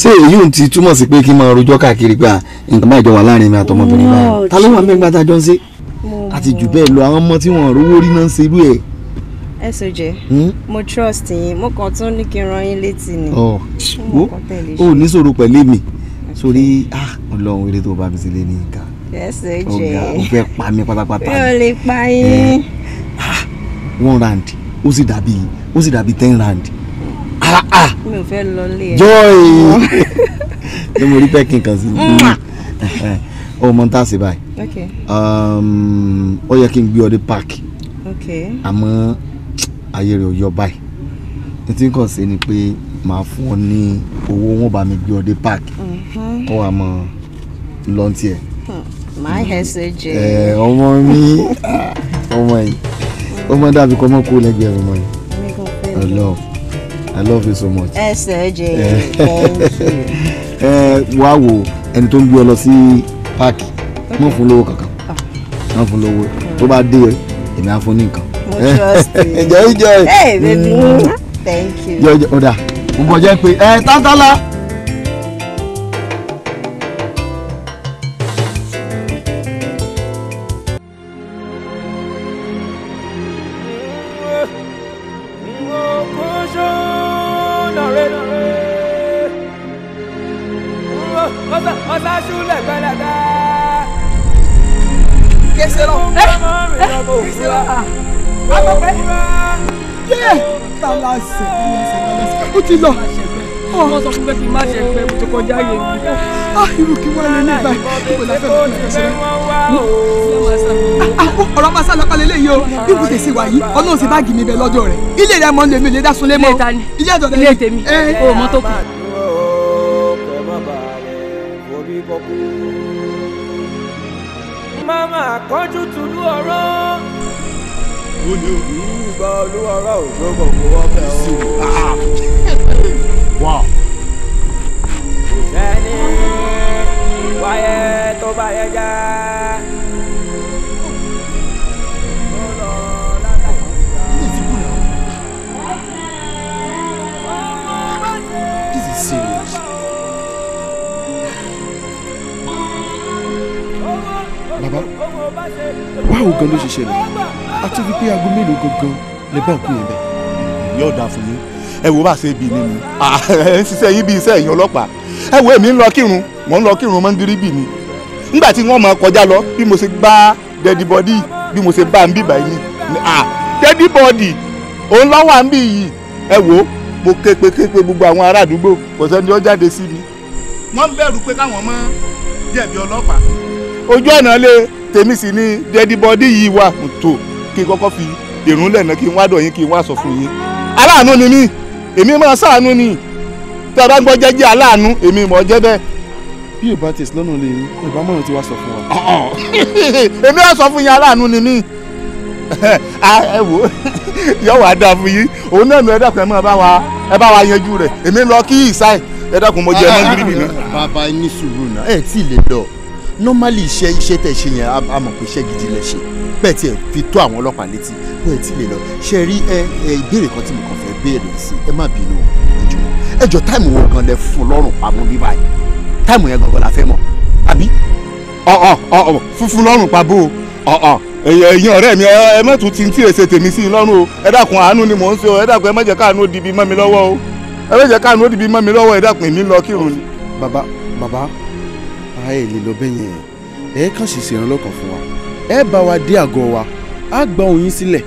ṣé èyí ti túmọ̀ sí pé kí n máa rojọ́ káàkiri pé nǹkan báyìí jọ wà láàrin mi àtọmọbìnrin báyìí ta ló wà mẹ́gbàá tá a jọ ń ṣe àti jù bẹ́ẹ̀ lọ àwọn ọmọ tí wọ́n rówó rí náà ń ṣe irú ẹ̀ ẹ sojẹ hmm? mo trust yín mo kàn tún ní kí n ran yín létí ni oh, mo kàn tẹ̀lé ṣe. o ní sọ̀rọ̀ pẹ̀lú mi sórí ah, ọlọ́run eré tó bá mi sílé ní ìka ẹsẹ jẹ ọgá ó fẹ́ pa mí pátápátá mi ò lè pa yín. Eh, ah, one rand ó sì dàbí ó sì dàbí ten rand. Ah, mi ò fẹ́ lọ lé ẹ. joy ni mo rí pẹ́kìn kan sí hmm. eh, eh, ọmọ n ta sí báyìí um, ó yẹ kí n gbé ọ dé park àmọ́ ayé rẹ̀ ò yọ báyìí ní tí n kàn ṣe ni pé màá fún ọ ní owó wọn bá mi gbé ọ dé park kó mm-hmm. wàá mọ lọ́ntì ẹ̀. máa yẹ ṣe jẹ. ẹ ọmọ mi ọmọ yìí ọmọ dàbí kọ́ mọ́ kó lẹ́gbẹ̀ẹ́ ọmọ yìí. I love I love you so much. ẹ ṣe jẹ ẹ wá wo ẹni tó ń gbé ọ lọ sí páàkì mọ̀ fún lówó kankan ah. mọ̀ fún lówó tó bá dé èmi á fún ní nǹkan enjoy enjoy. hey baby mm. thank you. jọjọ ọ̀dà mo bọ̀ jẹ́ pé ẹ eh, tántálá. má ṣe ó ti lọ. wọ́n sọ fún bẹ́ẹ̀ kí n má ṣe pé mo ti kọjá yé mi. irú kí wọ́n lè nígbà ìbò láfẹ́ fún mi fẹsẹ̀ ọ̀rọ̀ máa sálọ kálẹ̀ léyìí o bí mo tẹ̀sí wà yìí ọlọ́run ti báàgì mi bẹ lọ́dọ̀ rẹ̀ ilé rẹ̀ mọ́ lèmi lè dá sunlé mọ́ ilé ìtàn ilé tèmi o mọ́ tó kù. mama kọjú tùlú ọ̀rọ̀ ògo ni o. ìgbà olúwa ara òjò gbogbo wọn fẹ́ o. wà. kò wáyé tó bá yẹ já. This báwo gan ló ṣe ṣẹlẹ̀? àti wípé aago mélòó gangan lè bá òkú yẹn bẹ. yóò dáa fún yín ẹ wo bá ṣe bí mi ni ẹ ń ṣiṣẹ́ yín bí iṣẹ́ ẹ̀yin ọlọ́pàá ẹ wo èmi ń lọ kírun mò ń lọ kírun mọ́ndírí bì ni nígbà tí wọ́n mọ kọjá lọ bí mo ṣe gbá dẹ́dí bọ́dí bí mo ṣe bá ń bíbà yín ni dẹ́dí bọ́dí òun lọ́wọ́ à ń bì yìí ẹ wo mo ké pé ké pé gbogbo àwọn ará àdúgbò kò sẹ́ni ó jáde sí mi. wọ́n ń bẹ̀rù pé káwọn mọ́ jẹ̀bi ọlọ́pàá. ojú ọ̀nà lé tèmi sì ni dẹ́dí bọ́dí yìí wà tó kí n kọ́kọ́ fi èrún náà kí n wá dọ̀ yín kí n wá sọ fún yín aláàánú ni mí èmi máa ṣàánú ni tí a bá ń gbọ́ jẹ́jẹ́ aláàánú èmi mọ̀ jẹ́ bẹ́ẹ̀. bí ìbá tẹ̀sí lọ́nà lè yín ìbá mọ̀ràn tí wàá sọ fún wa. èmi á sọ fún yín aláàánú ni mí ẹ wò yọ wàá dáa fún yín òun náà mi ẹ dákun ẹ ẹ bá wa yanjú rẹ èmi lọ kí ìsáì ẹ dákun mo jẹ ẹ mọ́ normally iṣẹ́ iṣẹ́ tẹ̀ ṣe yẹn a mọ̀ pé iṣẹ́ gidi lẹ ṣe bẹ́ẹ̀ tiẹ̀ fi tó àwọn ọlọ́pàá létí bẹ́ẹ̀ tí lè lọ ṣe rí ẹ ẹ ìbéèrè kan tí mo kàn fẹ́ béèrè sí ẹ má bínú ẹjọ ẹjọ táìmù wo gan lẹ fún lọ́rùn pamọ́ bí báyìí táìmù yẹn gangan la fẹ́ mọ̀ àbí ọ̀ọ̀ ọ̀ọ̀ fúnfún lọ́rùn pabó ọ̀ọ̀ ẹ̀yin ọ̀rẹ́ mi ẹ má tún ti ń tí èsè tèmi sí i lọ́rùn o ẹ dákun àánú ni mò ń ṣe o ẹ dákun ẹ má jẹ́ káàánú òdìbí mọ́ mi lọ́wọ́ o ẹ má jẹ́ káàánú òdìbí mọ́ mi lọ́wọ́ ẹ dákun èmi lọ kírun ni. Baba, Baba a ẹ lè lọ bẹ́ẹ̀ ẹ kàn sì ṣèrànlọ́ kan fún wa ẹ bá wa dé àgọ́ wa á gba òyìn sílẹ̀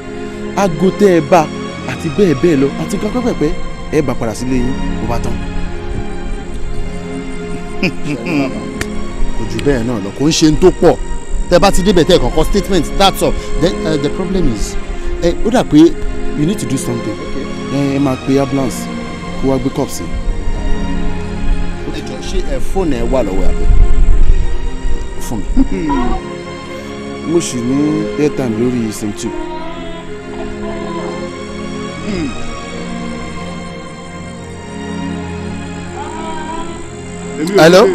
àgọ́ tẹ́ ẹ bá àti bẹ́ẹ̀ bẹ́ẹ̀ lọ àti kan pẹ́pẹ́pẹ́ ẹ bá padà sílé yín bó bá tán. kò bẹ́ẹ̀ náà lọ ń ṣe ń tó pọ̀ tẹ bá ti débẹ̀ tẹ kọ̀ọ̀kan statement that's all then uh, the problem is ó dà pé you need to do something ẹ máa pe ambulance kó wá gbé cups sí. ẹ jọ ṣé ẹ fóònù ẹ wà lọ́wọ́ àbẹ̀ fún mi mo sì ní airtime lórí sim two. hello.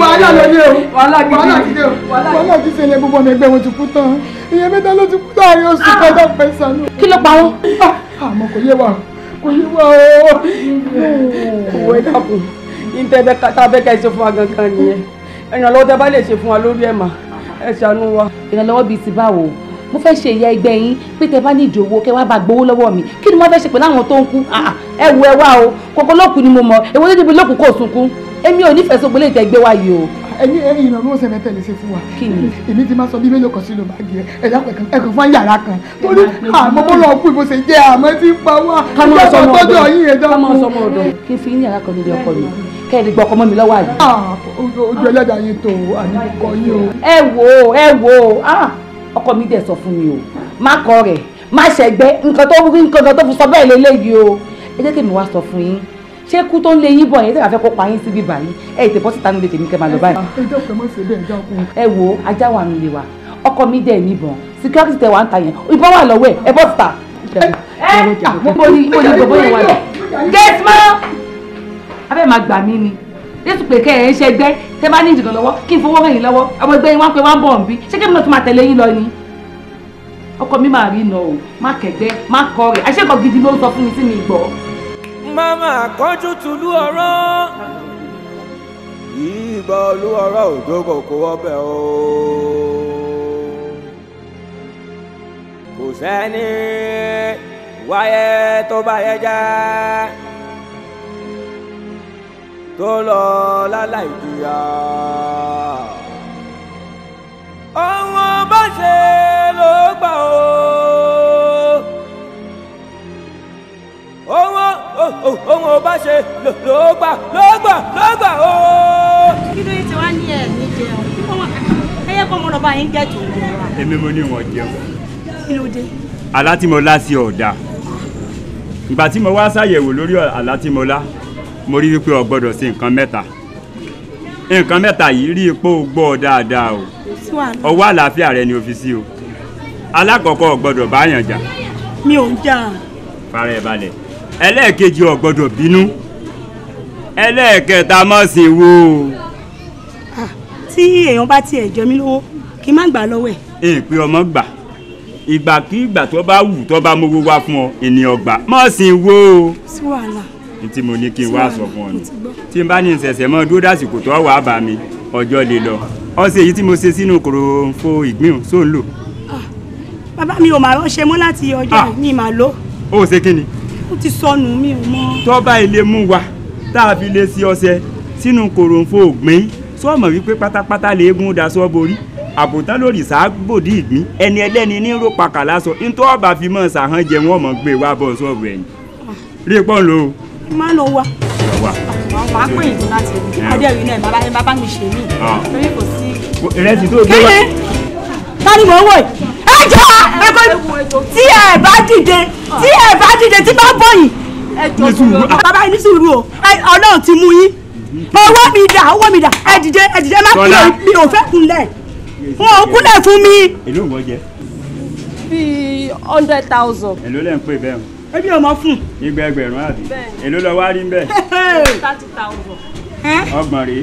wàhálà ló dé o wàhálà ti o wàhálà ti ṣẹlẹ̀ gbogbo ọ̀nà ẹgbẹ́ wọn ti kú tán ìyẹn mẹ́ta ló ti kú láàrin oṣù ah! kẹta pẹ̀sán. kí ló pa wọn. àmọ́ ah! ah, kò yé wa olúwa o òwò ẹ dàpọ̀ ìtẹ̀bẹ̀ tàbẹ̀ ká ẹ ṣe fún wa gangan nìyẹn ìrànlọ́wọ́ tẹ bá lè ṣe fún wa lórí ẹ̀ mà ẹ ṣàánú wa. ìrànlọ́wọ́ bíi ti báwo mo fẹ́ ṣe ìyá ẹgbẹ́ yín pé tẹ bá ní ìdòwò kẹ wá bá gbowó lọ́wọ́ mi kí ni wọ́n fẹ́ ṣe pẹ̀lú àwọn tó ń kú ah, ah, ẹ wo ẹ wá o kókó lókùn ni mo mọ èwo níbi lókùn kò sunkún èmi ò nífẹ̀ẹ́ sógbó lè tẹ gbé wá yìí o ẹyin ẹyin ìrànwọ́ ọ̀sẹ̀ mẹ́tẹ̀ lè ṣe fún wa èmi ti máa sọ bí mélòó kan sínú báàgì ẹ ẹ̀dá ẹ̀kan fún yàrá kan torí àmọ́ bó lọ kú ìbòsè jẹ́ àmọ́ ti ń pa wá àmọ́ sọmọ ọ̀dọ̀ ká máa sọmọ ọ̀dọ̀ kí n fi ní yàrá kan nílé ọkọ mi kẹ́ẹ̀dì gbọ́ ọkọ mọ́ mi lọ́wọ́ àyè. Ah, ojú ẹlẹ́dàá yín tó àníkọ yín o. ẹ wo ẹ wo ah, ọkọ mi dẹ̀ sọ fún mi o má kọ rẹ̀ má ṣẹ̀gbẹ́ nǹkan tó fi sọ bẹ́ẹ̀ lélẹ́yìí o ẹ jẹ́ kí mi wá sọ fún yín ṣé kú tó ń lé yín bọ̀ yẹn tẹ́lá fẹ́ kó pa yín síbi báyìí ẹ ètè bọ́ síta nílé tèmi kẹ́ máa lọ báyìí. ẹ jẹ́ òkè mọ́ sí ẹgbẹ́ ìjà ọkùnrin. ẹ wo ajá wa nílé wa ọkọ mi dẹ̀ níbọn security tẹ̀ wá ń ta yẹn ìbọn wà lọ́wọ́ ẹ ẹ bọ́ síta. ẹ mo ní mo ní gbogbo yẹn wà lọ. gate mọ́ abẹ́ máa gbà mí ni yéésù pé kẹ́ ẹ̀ ń ṣẹgbẹ́ tẹ́ bá ní ìdìgàn lọ́wọ́ kí n fowó rẹ̀yìn lọ́wọ́ ọmọ ẹgbẹ́ yín wá pé wá ń bọ̀ ń bí ṣé mi náà tún máa tẹ̀lé yín lọ ni ọkọ mi máa rí iná o má kẹgbẹ́ má kọ rẹ̀ àṣẹ́kọ̀ọ́ gidi ló ń sọ fún mi sí mi gbọ́ máma àkọ́jú tùlú ọ̀rọ̀. ìbá olúwara òjò kò kó ọbẹ̀ o. kò sẹ́ni wáyé tó bá yẹ jẹ́ tó lọ láláì jìyà. ọ̀wọ́n bá ṣe ló gbà o. owó ohun ò bá ṣe ló gbà ló gbà ló gbà o. kí ló yẹ ti wá ní ẹ ní jẹun ẹ yẹ kó mo lọ bá yín jẹ tòun. èmi mo ní wọn jẹun. kí ló dé. alátìmọ́lá sí ọ̀dà ìgbà tí mo wá ṣàyẹ̀wò lórí alátìmọ́lá mo rí wípé o gbọ́dọ̀ sí nǹkan mẹ́ta nǹkan mẹ́ta yìí rí ipò gbọ́ ọ dáadáa o ọwọ́ àlàáfíà rẹ ni o fi sí o alákọ̀ọ́kọ́ o gbọ́dọ̀ báyàn jà. mi ò ń jà. fara ẹ balẹ̀ ẹlẹ́ẹ̀kejì ò gbọ́dọ̀ bínú ẹlẹ́ẹ̀kẹta má ṣe wo. Ah, tí èèyàn bá tiẹ̀ jẹ mí lówó kí n má gbà lọ́wọ́ ẹ̀. èèpẹ ọmọ gbà ìgbàkígbà tó bá wù tó bá mówó wá fún ọ ènìyàn gbà má sì wo. sí wàhálà. ní tí mo ní kí n wá sọ fún ọ ni tí n bá ní ìṣẹ̀ṣẹ̀ mọ́ dúró dásìkò tó wà á bá mi ọjọ́ lè lọ ọ̀sẹ̀ èyí tí mo ṣe sínú kòròǹfò ìgbín sóńlò. Ah, bàbá mi ò máa ránṣẹ́ mọ́ láti ọjọ́ ah. mi máa lọ. ó ṣe kí ni ó ti sọnù mi ò mọ. tọ́ba ilé mú wa tá a fi lè ṣe ọṣẹ sínú kòròǹfò ògbìn sọ́ọ̀mọ̀ wípé pátápátá lè gún da sọ́ọ̀bù orí àbòtán lórí sáàgbòdì ìgbín ẹni ẹlẹ́ni ní ró pàkà lásọ nítorí ọba fi mọ̀ ṣàhán jẹ wọn mọ̀ gbé wá bọ̀ sọ́ọ̀bù ẹ̀yìn rí pọ́n lo. má lọ wa wà á pè é tó láti rí ọjọ́ ìrìn náà bàbá mi ṣe mí ah. torí kò sí. ìrẹsì tó gbé wá. kẹ́lẹ́ bá ní mò ń wò yìí ẹjọ́ ẹgbẹ́ tí ẹ bá dìde tí ẹ bá dìde tí bá bọ̀ yìí ẹjọ́ yìí ní sùúrù o ọlọ́run ti mú yín owó mi dà owó mi dà ẹ dìde ẹ dìde má kúlẹ̀ mi ò fẹ́ kúnlẹ̀ wọn ò kúnlẹ̀ fún mi. èló ń wọ jẹ. hundred thousand. èló lẹ́ ń pè bẹ́ẹ̀ o. ebi ò fún. igba ẹgbẹ̀rún àbí. èló lọ wá rí ń thirty thousand. ọgbọ̀n rèé.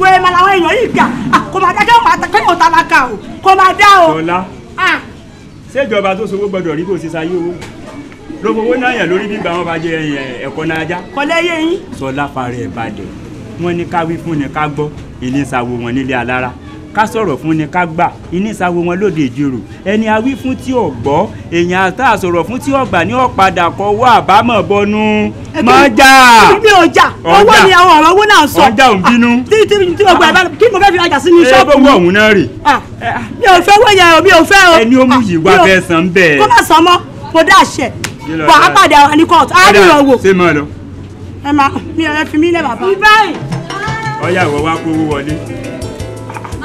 wo ẹ máa làwọn èèyàn yìí gbà kò máa dá kéwọn kéwọn tálákà o kò máa dá o. tọ́lá ṣèjọba tó sowó gbọdọ̀ rí kò ṣe sáyé owó lọ́fọwọ́ náà yàn lórí gbígbà wọn bá jẹ ẹ̀kọ́ náà já. kọ́lẹ́ yé yín. sọlá fara ẹ̀ balẹ̀ wọ́n ní ká wí fún ni ká gbọ́ ìlísàwò wọn nílé alára ká sọ̀rọ̀ fún ni ká gbà iní ìsáwo wọn lóde ìjírò ẹni awí fún tí ò gbọ́ èèyàn àtà àsọ̀rọ̀ fún tí ọ̀gbà ní ọ̀padà kọ wọ́ àbámọ̀ bọnú mọ́ jà. mi ò jà owó ni àwọn ọ̀rọ̀ owó náà sọ ọjà òun bínú. Ah, tí tí tí mo gbà ẹ bá kí mo fẹ́ fi rajà sí ní ṣọ́ọ̀bù mi. ẹ bọ́ òun náà rè. Ah, mi ò fẹ́ wẹ̀yẹ o mi ò fẹ́ o. ẹni ó mú yìí wá fẹ́ ah, san bẹ́ẹ̀. kó má san mọ́ mo dá àṣẹ wà á pàdé ní kóòtù á rí ìrànwọ́. ṣé mo lọ. ẹ máa mi ò fi mí lẹ bàbá. ọyá ìwọ wá kówó wọlé.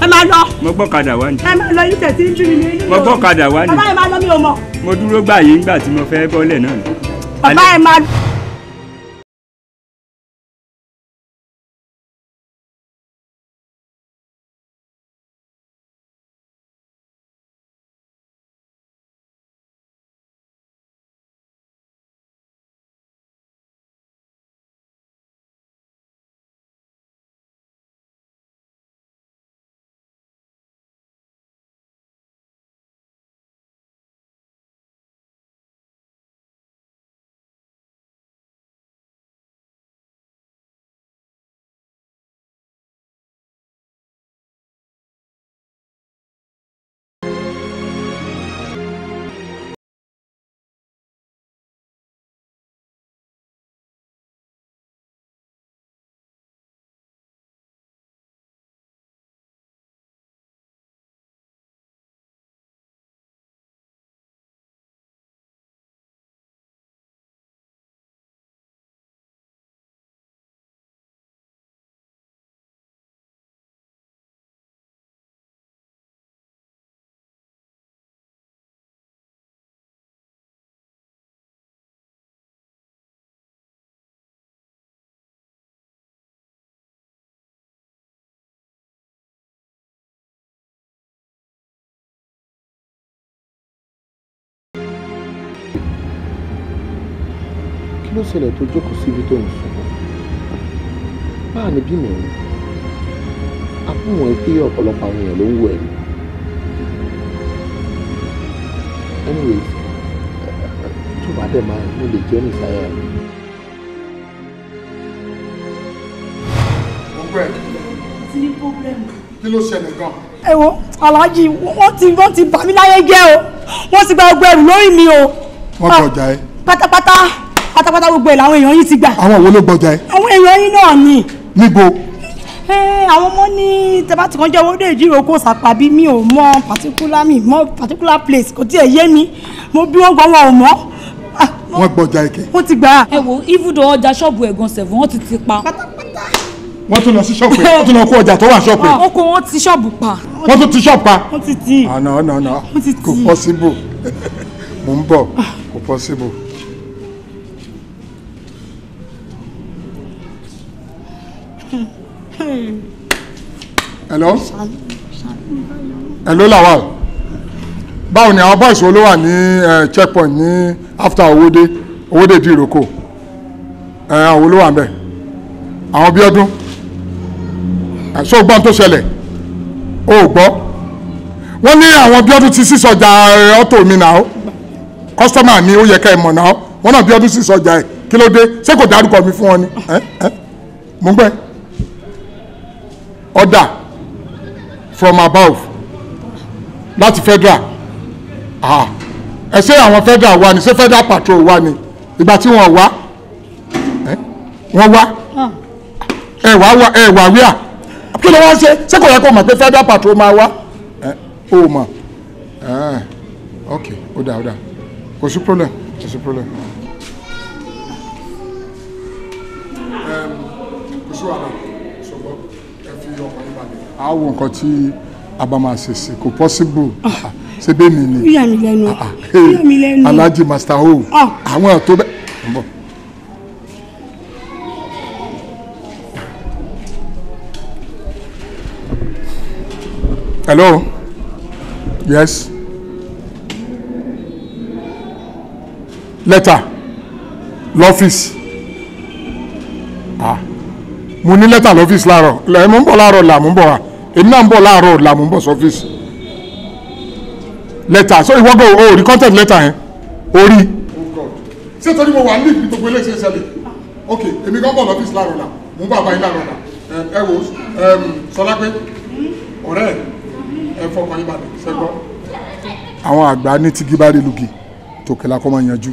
ẹ máa lọ. mo gbọ́ kadà wá ní. ẹ máa lọ yíkẹ̀ tí ń bí mi ní ilé. mo gbọ́ wá ní. bàbá ẹ máa lọ mi ò mọ̀. mo dúró gbà yín tí mo fẹ́ bọ́lẹ̀ náà. bàbá ẹ máa. kí ló ṣẹlẹ̀ tó jókòó síbi tó ń sunkún báà ní bímọ ẹ̀rù àbúwọ̀n pé ọ̀pọ̀lọpọ̀ àwọn èèyàn ló ń wo ẹ̀rù anyways tó bá dẹ̀ máa mo lè jẹ́ nìsáyà rẹ̀. kí ló ṣẹlẹ̀ gan. ẹ wo aláàjì wọ́n ti wọ́n ti bà mí láyé jẹ́ o wọ́n ti gba ọgbẹ́rù lórí mi o. wọ́n kọjá ẹ. Ah, pátápátá pátápátá gbogbo ẹ̀ làwọn èèyàn yìí ti gbà. àwọn wo ló gbọdọ̀ ẹ. àwọn èèyàn yìí náà ni. níbo. ẹ àwọn ọmọ ní tẹ́bátì kan jẹ́ owóde ìjírò kó sàpàbí mi ò mọ particular mi mọ particular place kò tiẹ̀ yé mi mo bí wọn ò mọ́. Ah, wọ́n gbọdọ̀ ike. wọ́n ti gbà. ẹ wo ibùdó ọjà ṣọ́ọ̀bù ẹ̀gbọ́n sẹ̀fún wọ́n ti ti pa. pátápátá. tún lọ sí ṣọ́ọ̀bù wọ́n tún lọ kó ọjà tó wà ṣọ́ọ̀bù. ọkọ ah, wọn ti ṣọ́ọ̀bù pa. wọ́n tún ti ṣọ́ọ̀bù pa. wọ́n ti ti. àná àná àná kò possible mo ń bọ̀ ah. kò possible. hello hello Lawal báwo ni àwọn boys wo ló wà ní checkpoint ní after Owódé Owódé di ìrókò àwọn ló wà ń bẹ̀ àwọn bí ọdún ṣó o gbọ́n tó ṣẹlẹ̀ o ò gbọ́ wọ́n ní àwọn bí ọdún ti sísọjà ọ̀tọ̀ mi náà kọ́sítọ́mà mi ó yẹ ká ẹ mọ̀ náà wọ́n náà bí ọdún sísọjà ẹ̀ kí ló dé ṣé kò dárúkọ mi fún wọn ni mo gbẹ́ ọ̀dà from above láti federal ah ẹ ṣe àwọn federal wa ni ṣe federal patrol wa ni ìgbà tí wọ́n wá wọ́n wá ẹ wá wá ẹ wá wíà kí ló wá ṣe ṣé kò yẹ kó mọ̀ pé federal patrol máa wá ó mọ̀ ok ó dà ó dà kò sí problem kò sí problem. kò sí wàhálà á wo nǹkan tí a bá máa ṣe sí kò possible ah. ah, ṣe bẹ́ẹ̀ mi ni yà mí lẹ́nu ah, yà mí lẹ́nu Alhaji Master O àwọn àtó bẹ́ẹ̀. hello yes letter l'office ah mo ní letter l'office láàárọ̀ lẹ́yìn mo ń bọ̀ láàárọ̀ là mo ń bọ̀ wá èmi náà ń bọ̀ láàárọ̀ ọ̀la mo ń bọ̀ sọ́fíìsì lẹ́tà so ìwọ́gbọ̀ o ò rí contact lẹ́tà yẹn o rí. Oh ṣé torí mo wà ní ìpín gbogbo eléyìí ṣe ń ṣẹlẹ̀ ok èmi kan bọ̀ lọ́fíìsì láàárọ̀ ọ̀la mo ń bọ̀ àbáyé láàárọ̀ ọ̀la ẹ wo sọlá pé ọ̀rẹ́ ẹ fọkàn yín balẹ̀ ṣẹ́gbọ́. àwọn àgbà ní tigi bá rí lugi tòkè la kọ́ máa yanjú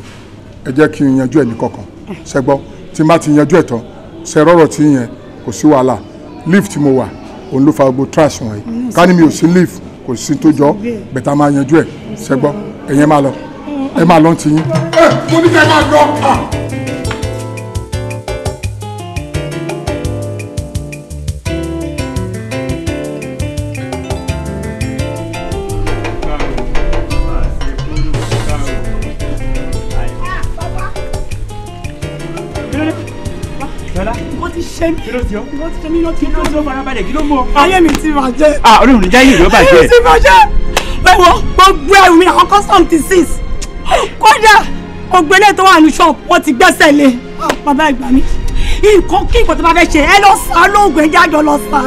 ẹ jẹ́ kí n yanjú ẹ̀mí kọ̀ọ̀kan ṣẹ́gbọ́ tí n bá ti yanjú ẹ̀ tán ṣẹ́rọ̀rọ̀ tí yẹn kò sí wàhálà lift mo wà òun ló fa gbogbo trash wọ̀nyí mm, ká ní mi ò sí leaf kò sí tó jọ bẹ̀tà máa yanjú ẹ̀ ṣẹ́gbọ́ ẹ̀yẹn máa lọ ẹ máa lọ yín. Mm, mm. ẹ mo ní kẹ́ ẹ máa lọ. Ah. jẹ́ mi. kí ló ti ọ́. ìwọ ti jẹ́ mi lọ́tí. kí ló ti ọ́ farabalẹ̀ kí ló mú ọ. ayé mi bàjẹ́. ah olórí mi jáyé ìjọba jẹ. ayé mi ti bàjẹ́. bẹ́wọ̀ gbogbo ẹrù mi àwọn custom ti six. kódà gbogbo ilé tó wà ní ṣọ́ọ̀bù wọ́n ti gbẹ́sẹ̀ lé. Ah, bàbá ìgbà mi nǹkan kí nǹkan tó bá fẹ́ ṣe ẹ lọ sá lóògùn ẹjẹ́ àjọ lọ sá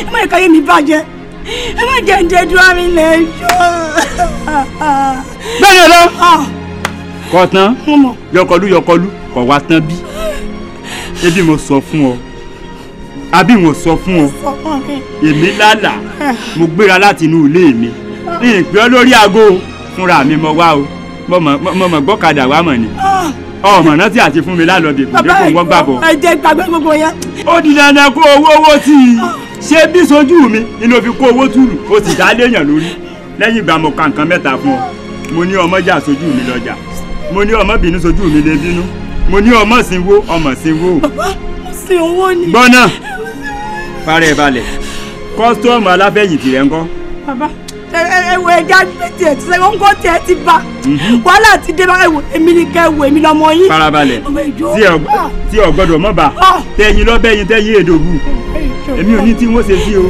ẹ má ìkàyé mi bàjẹ́ ẹ má jẹ́ ǹjẹ́ dúró mi lẹ̀ ṣọ́. bẹ́ẹ̀ ọ̀la ah. kọ̀ tán yọkọlú yọkọlú kọ̀ wá tán bí ebi mo sọ fún ọ àbí wọn sọ fún o èmi lálà mo gbéra láti inú ilé mi ní ìpín olórí aago fúnra mi mo wá o mo mọ̀ gbọ́kadà wá mọ̀ ni ah! ọmọ náà tí a ti fún mi lálọ́dẹ kò dé kó wọ́n gbàbọ̀. ẹ jẹ́ gbàgbé gbogbo yẹn. ó di dandan kó owó owó sí i ṣé bí sojú mi ni ló fi kó owó túlù ó sì dá léèyàn lórí lẹ́yìn ìgbà mo ka nǹkan mẹ́ta fún ọ mo ní ọmọ jà sojú mi lọ́jà mo ní ọmọ bínú sojú mi lè bínú mo ní ọmọ sínwó ọmọ sínwó. bàbá mo sin owó ni. gbọ́n parẹ́ balẹ̀ kọ́sítọ́ọ̀mù aláfẹ̀yìntì rẹ̀ ńkọ́. bàbá ẹwọ ẹja tiẹ ti sẹ ọkọ tiẹ ti ba mhm. wàhálà ti dé bá ẹwọ èmi ni kẹ ẹwọ èmi lọmọ yín. farabalẹ̀ tí ọgbọ́dọ̀ ah. mọba ah. tẹyin lọbẹyin tẹyin èdòbu èmi ò ní tí wọn ṣe sí o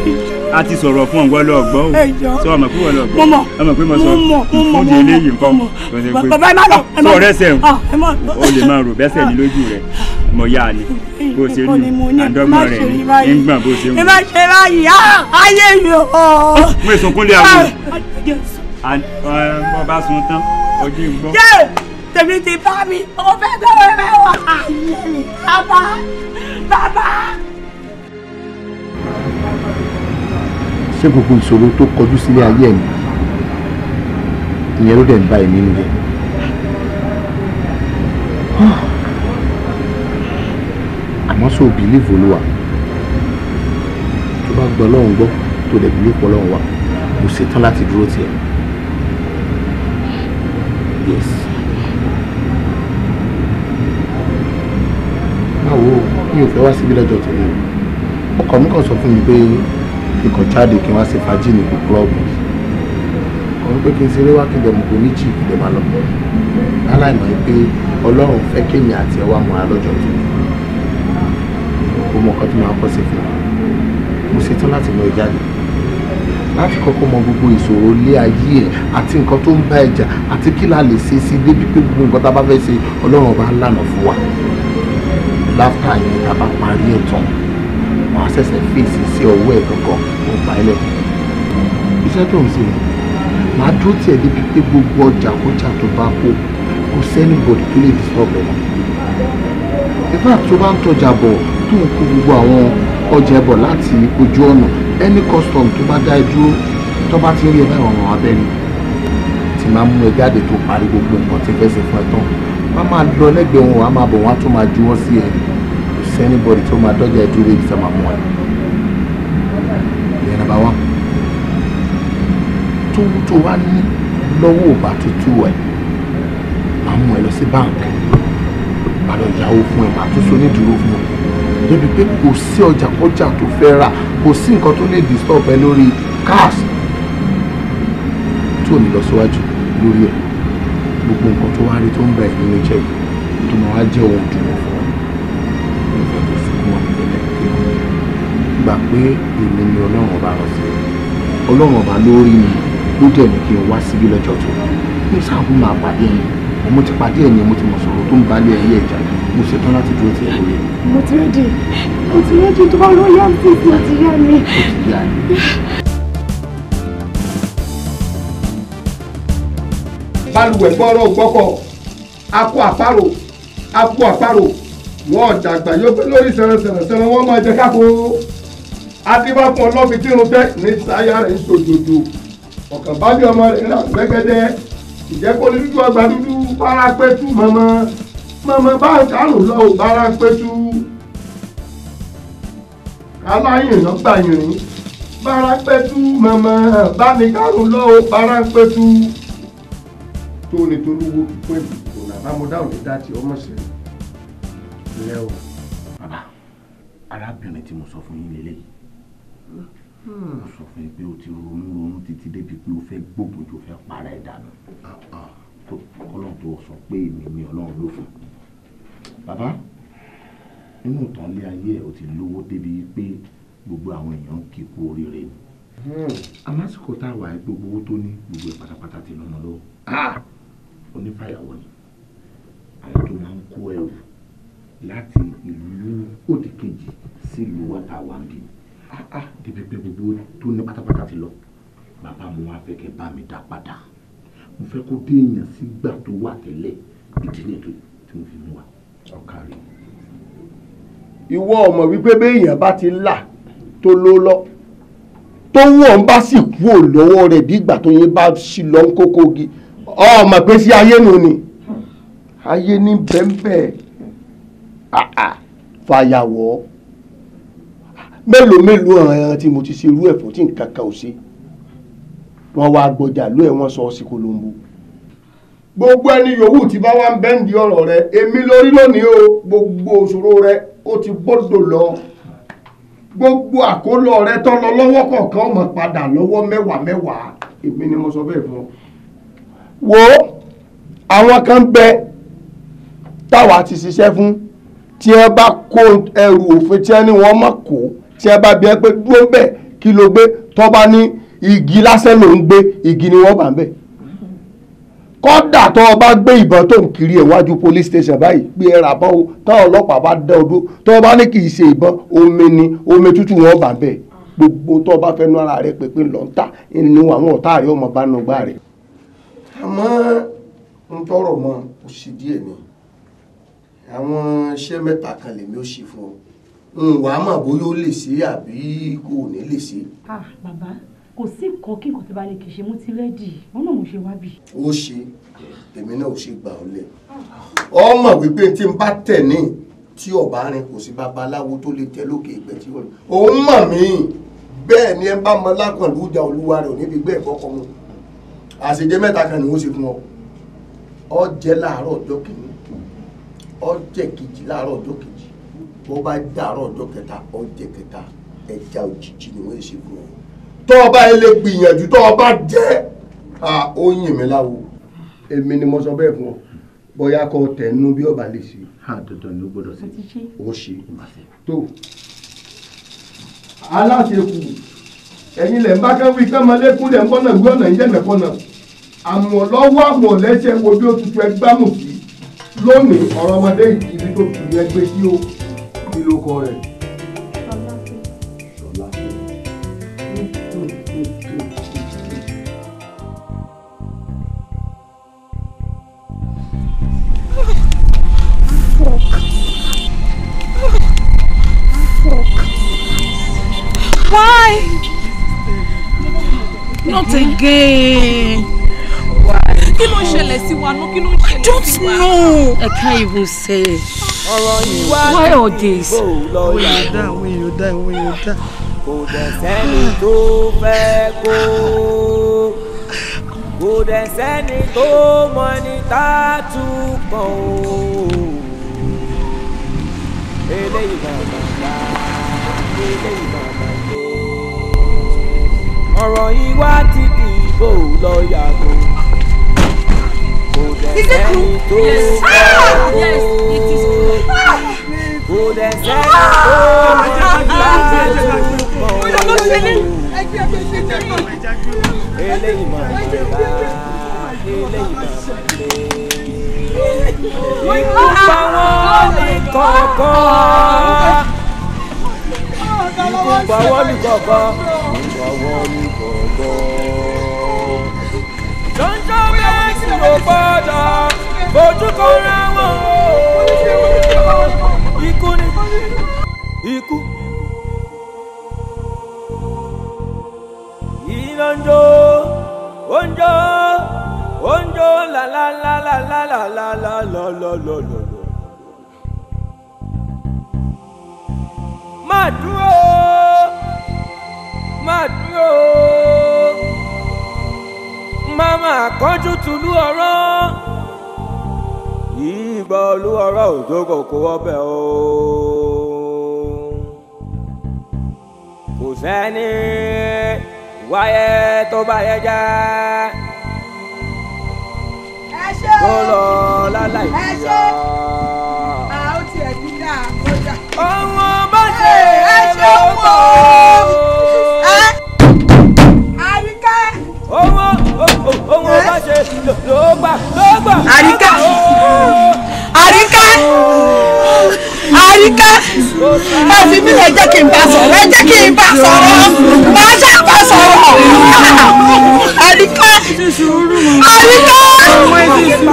a ti sọ̀rọ̀ fún ọ̀gbọ́n lọ́gbọ́ o sọ ọmọ pé wọ́n lọ́gbọ́ mo mọ̀ mo mọ̀ mo mọ̀ eléyìí nǹkan bàbá ẹ má lọ ẹ má lọ sọ̀rọ̀ ah, ẹsẹ̀ o lè máa rò bẹ́sẹ̀ ní ah. lójú rẹ̀ mo yá ni bó ṣe rí àdọ́gbọ̀n rẹ̀ ní ń gbọ̀n bó ṣe wù. ẹ má ṣe báyìí ah, ayé mi o. mo èso kúnlẹ̀ àwọn bọ́ bá sun tán ojú ń gbọ́. tèmi ti bá mi mo fẹ́ tẹ́wọ́ mẹ́wàá ayé mi bàbá bàbá. ṣé gbogbo ìṣòro tó kọjú sílé ayé ẹ̀ ni ìyẹn ló dẹ̀ ń bá èmi nínú rẹ̀. àmọ́ sọ bìlíìfù olúwa tó bá gbọ́ ọlọ́run gbọ́ tó dẹ̀ bìlíìfù ọlọ́run wa mo ṣetán láti dúró tiẹ̀. yes. báwo mi ò fẹ́ wá síbi lọ́jọ́ tòun ọkọ mi kàn sọ fún mi pé kí n kàn jáde kí n wá ṣe fàájì ní kò klọ́ọ̀bù ọ̀rọ̀ pé kí n ṣeré wá kí n dẹ̀mú kò ní jì kí n dẹ̀ máa lọ bọ̀ láláìmọ̀ pé ọlọ́run fẹ́ kémi àti ẹwà mọ́ra lọ́jọ́ tó kó mọ ọkọ tó máa kọ́ sí fún mo ṣetán láti lọ jáde láti kọ́kọ́ mọ gbogbo ìṣòro ilé ayé ẹ̀ àti nǹkan tó ń bá ẹ àti kí la lè ṣe sí débi pé gbogbo nǹkan tá a bá fẹ́ ṣe ọlọ́run ọba ń fún wa láfta yẹn tá a bá parí ẹ̀ tán wàá ṣẹ̀ṣẹ̀ fèsì sí ọwọ́ ẹ̀ gangan mo gbà ẹ́ lẹ̀ iṣẹ́ tó ń ṣe màá dúró tiẹ̀ débi pé gbogbo ọjà kọjá tó bá kó kò sẹ́ni bọ̀dì tó lè disturb ẹ̀ in fact tó bá ń tọjà bọ̀ tó ń kó gbogbo àwọn ọjà ẹ̀ bọ̀ láti ojú ọ̀nà any custom tó bá dá ẹ dúró tó bá ti ń rí ẹ báyìí ọ̀ràn abẹ́ni ti máa mú ẹ jáde tó parí gbogbo nǹkan tí fẹ́ ṣe fún ẹ tán wọ́n máa lọ lẹ́gbẹ̀ẹ́ wọn wọ́n á máa bọ̀ wọ́n á tún máa juwọ́ sí ẹ sí anybody tó máa dọ́jà ẹ̀dúró débi tá a máa mú ẹ ìyẹn nàbà wá tó tó wá ní lọ́wọ́ òbá tútù ẹ̀ máa mú ẹ lọ sí báńkì máa lọ yàwó fún ẹ máa tún so ní dúró fún ẹ débi pé kò sí ọjà kọjá tó fẹ́ rà kò sí nǹkan tó lè disturb ẹ lórí cars tó ní lọ síwájú lórí ẹ gbogbo nǹkan tó wá rí tó ń bẹ nínú jẹ tó máa wá jẹ ohun gbà pé èmi ni ọlọ́run ọba rán sí ọlọ́run ọba lórí mi ló dẹ̀ ní kí n wá síbí lọ́jọ́ tó ní sáàbù máa pàdé ẹ̀yìn mo ti pàdé ẹ̀yìn mo ti mọ̀ sọ̀rọ̀ tó ń balẹ̀ ẹ̀yẹ ìjà mo ṣetán láti dúró ti ẹ̀yẹ. mo ti rẹ́dì mo ti rẹ́dì tó bá lóyá sí ti mo yá mi. balùwẹ̀ gbọ́rọ̀ gbọ́kọ̀ akó àparò akó àparò wọ́n dàgbà yóò pé lórí sẹ̀rẹ̀sẹ̀rẹ̀ sẹ̀rẹ̀ wọ́n máa jẹ káko adébákun ọlọ́fi kírun tẹ́ ní sáyà rẹ̀ ń sojòjò ọ̀kàn bá bí ọmọ rẹ̀ rà gbẹ́gẹ́dẹ́ ìjẹ́kọ́ ní dúdú ọgbà dúdú bára pẹ́tù mọ́mọ́ mọ́mọ́ bá ń kárùn lọ ò bára pẹ́tù aláyìn lọ gbà yìnrín bára pẹ́tù mọ́mọ́ bá ní kárùn lọ ò bára pẹ́tù tó lè tolúwo pípẹ́ òun àbámọ́dá òun lè dá ti ọmọ ṣẹlẹ̀ lẹ́wọ̀n. bàbá arábìnrin tí mo sọ fún yín lélẹ́yìí mo hmm, sọ fún ẹ pé o ti ronú ronú títí débi pé o fẹ́ gbógun jù o fẹ́ para ẹ̀ dànù ah, ah. ọlọ́run tó sọ pé èmi ni ọlọ́run ló fún bàbá nínú ìtàn ilé ayé ẹ o ti lówó débi pé gbogbo àwọn èèyàn ń kí kú oríire ni hmm. amásìkò tá a wà ẹ gbogbo owó tó ní gbogbo ẹ pátápátá ti lọ́nà lọ́wọ́ ah! onífàyàwọ́ ni àwọn tó máa ń kó ẹrù láti ìlú òdìkejì sílùú wàtàwàǹbì ni ibi ah, ah. pé gbogbo tó ní pátápátá ti lọ bàbá mo wá fẹ́ kẹ́ bá mi dá padà mo fẹ́ kó dé èèyàn sígbà tó wà tẹ́lẹ̀ ìdí nìyẹn tí mo fi mú wa ọ̀ka rẹ̀. ìwọ ọmọ wípé béèyàn bá ti là tó ló lọ tó wọ̀ ń bá sì kú ò lọ́wọ́ rẹ̀ bí ìgbà tó yẹn bá sì lọ ń kókó gi ọmọ pé sí ayé nu ni ayé ní bẹ́ẹ̀ bẹ́ẹ̀ ah, fàyàwọ́ mélòó mélòó àwọn ẹran tí mo ti ṣe irú ẹ̀ fún tí nǹkan kan ò ṣe wọ́n wá gbọ́jà ló ẹ̀ wọ́n sọ ọ́ sí kolombo gbogbo ẹni yòówù tí bá wá ń bẹ́ǹdì ọ̀rọ̀ rẹ èmi lórí lónìí o gbogbo òṣòro rẹ ó ti gbọ́dọ̀ lọ gbogbo àkólọ rẹ tó lọ lọ́wọ́ kọ̀ọ̀kan ó máa padà lọ́wọ́ mẹ́wàá mẹ́wàá èmi ni mo sọ bẹ́ẹ̀ fún ọ. wo àwọn kan bẹ táwa ti ṣiṣẹ́ fún tí ẹ bá kó ẹrù òfin tí ẹ ní wọ́n mọ̀ kó tí ẹ bá bí ẹ pé dúró bẹ́ẹ̀ kí ló gbé tó bá ní igi lásán ló ń gbé igi ni wọ́n bá ń bẹ̀. kọ́dà tó o bá gbé ìbọn tó ń kiri ìwájú police station báyìí pé ẹ bọ́ o táwọn ọlọ́pàá bá dá ọdún tó o bá ní kì í ṣe ìbọn omi ni omi tútù wọ́n bá ń bẹ̀. gbogbo tó o bá fẹ́ nu ara rẹ pé pé lọ ń tà ni àwọn ọ̀tá rẹ ọmọ bá nu gbá rẹ. àmọ́ ń tọrọ mọ́ òṣì díẹ̀ ni àwọn iṣẹ́ mẹ́ta kan lèmi ó ṣe fún ọ n wà á mọ̀ bóyá ó lè ṣe àbí kò ní lè ṣe. ah bàbá kò sí nǹkan kí nǹkan tó bá lè kì í ṣe mo ti rẹ́dì wọn náà mo ṣe wá bì. ó ṣe èmi náà ò ṣe gbà ọ lẹ ọmọ wípé tí n bá tẹ̀ ní tí ọba rin kò sí babaláwo tó lè tẹ lókè ìgbẹ tí wọn. òun mọ̀ mí bẹ́ẹ̀ ni ẹ bá mọ lákàndú ìjà olúwa rẹ̀ ò níbi gbẹ́ ìkọ́kọ́ mu àṣejẹ mẹ́ta kan ni wọ́n ṣe fún ọ ọ jẹ́ láàárọ̀ ọjọ́ kìíní ọ jẹ́ kejì láàárọ̀ ọjọ́ kejì wọ́n bá dàárọ̀ ọjọ́ kẹta ọjẹ́ kẹta ẹja òjijì ni wọ́n ṣe fún ọ tọ́ ọba ilé gbìyànjú tọ́ ọba jẹ́ ó yìn mí láwo èmi ni mo sọ bẹ́ẹ̀ fún ọ bóyá kọ tẹnu bí ọba lè ṣe. dandan ni ó gbọ́dọ̀ ṣe ó ṣe tó aláṣẹ kù ẹ̀yin lẹ ń bá kẹ́wì kẹ́mọlẹ́kùn lẹ ń bọ́nà ìwé ọ̀nà ìjẹ́nẹ̀kọ́nà àmọ́ lọ́wọ́ àmọ̀ lẹ́sẹ̀ ó tutù ẹgbẹ́ mù sí lónìí ọ̀rọ̀ ọmọdé ìdílé tó fi ẹgbẹ́ sí o. Why? Not again. ṣẹlẹ̀ sí wa náà kí ló ń ṣẹlẹ̀ sí wa. I don't know. I can't even say. ọ̀rọ̀ ìwà why all this. àwọn èèyàn dá àwọn èèyàn dá àwọn èèyàn dá. kò dẹ̀ sẹ́ni tó fẹ́ kó kò dẹ̀ sẹ́ni tó mọ ní tààtù kan o. eléyìí bàbá bá eléyìí bàbá tó. ọ̀rọ̀ ìwà ti dìbò lọ́ọ́ yàgò. Is it true? Yes. Ah! Yes, it is true. Kò dẹ̀ sẹ́ni tó máa ń bọ̀. Mo lọ lọ ṣe ní ẹgbẹ́ ẹgbẹ́ ṣe jẹ́ kọ́. Eléyìí máa ń bẹ̀ bá eléyìí máa ń bẹ̀. Ikú pa wọ́n ní kọ̀ọ̀kan. Ikú pa wọ́n ní kọ̀ọ̀kan. Ikú pa wọ́n ní kọ̀ọ̀kan. kò gbọ́dọ̀ fojú kan ra wọn o ikú ni ikú. ìlànjọ oúnjẹ oúnjẹ làlàlàlàlàlàlàlàlàlàlà. máa dúró máa dúró mama kọjú tùlú ọ̀rọ̀ ìgbà olú ọ̀rọ̀ òjò kò kó ọbẹ̀ o kò sẹ́ni wáyé tó bá yẹ já tó lọ láláì níyà. ohun ọba ṣe é ló mọ̀ Arika, Arika, Arika. ẹ fi mí lẹ jẹ́ kí n bá sọ̀rọ̀ ẹ jẹ́ kí n bá sọ̀rọ̀ má ṣe bá sọ̀rọ̀ àríkẹ́ àríkẹ́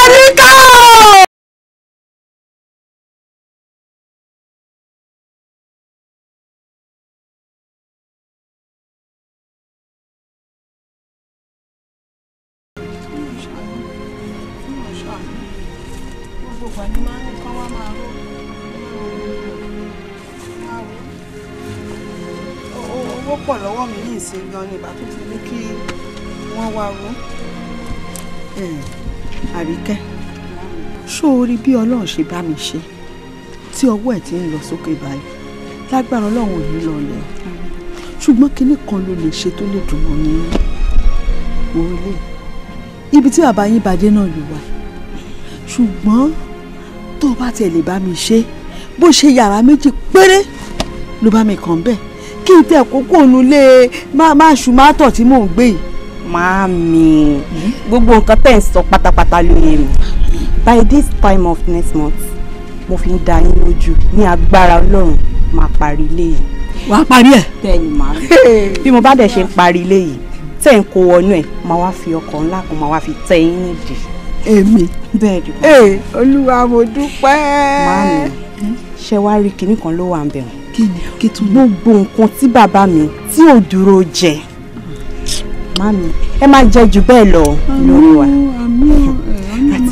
àríkẹ́ ẹ rí bí ọlọ́run ṣe bá mi ṣe tí ọwọ́ ẹ̀ ti ń lọ sókè báyìí lágbára ọlọ́run ò ní lọ lẹ̀ ṣùgbọ́n kinní kan ló lè ṣe tó lè dùn mọ́ ní orílẹ̀ ibi tí bàbá yín bàdé náà ló wà ṣùgbọ́n tó o bá tiẹ̀ lè bá mi ṣe bó ṣe yàrá méjì péré ló bá mi kàn bẹ́ẹ̀ kí n tẹ kókó onulé máa ṣù tí mò ń gbé yìí. máa mi gbogbo nǹkan tẹ̀ ń sọ pátápátá ló mi by this time of next month mo fi ń da yín lójú ní agbára ọlọ́run máa parí ilé yìí. wà á parí ẹ̀. bẹ́ẹ̀ni màá bí mo bá dẹ̀ ṣe ń parí ilé yìí tẹ̀ ń kó wọnú ẹ̀ máa wá fi ọkọ̀ ńlá kan máa wá fi tẹ yín nídìí. èmi bẹ́ẹ̀ni. ee olúwa mo dúpẹ́. màámi ṣe wá rí kinní kan ló wà ń bẹ̀rù. kí ni kí tún ní. gbogbo nǹkan tí bàbá mi tí ò dúró jẹ màámi ẹ máa jẹ jù bẹ́ẹ̀ lọ lórí wa. àmín àmín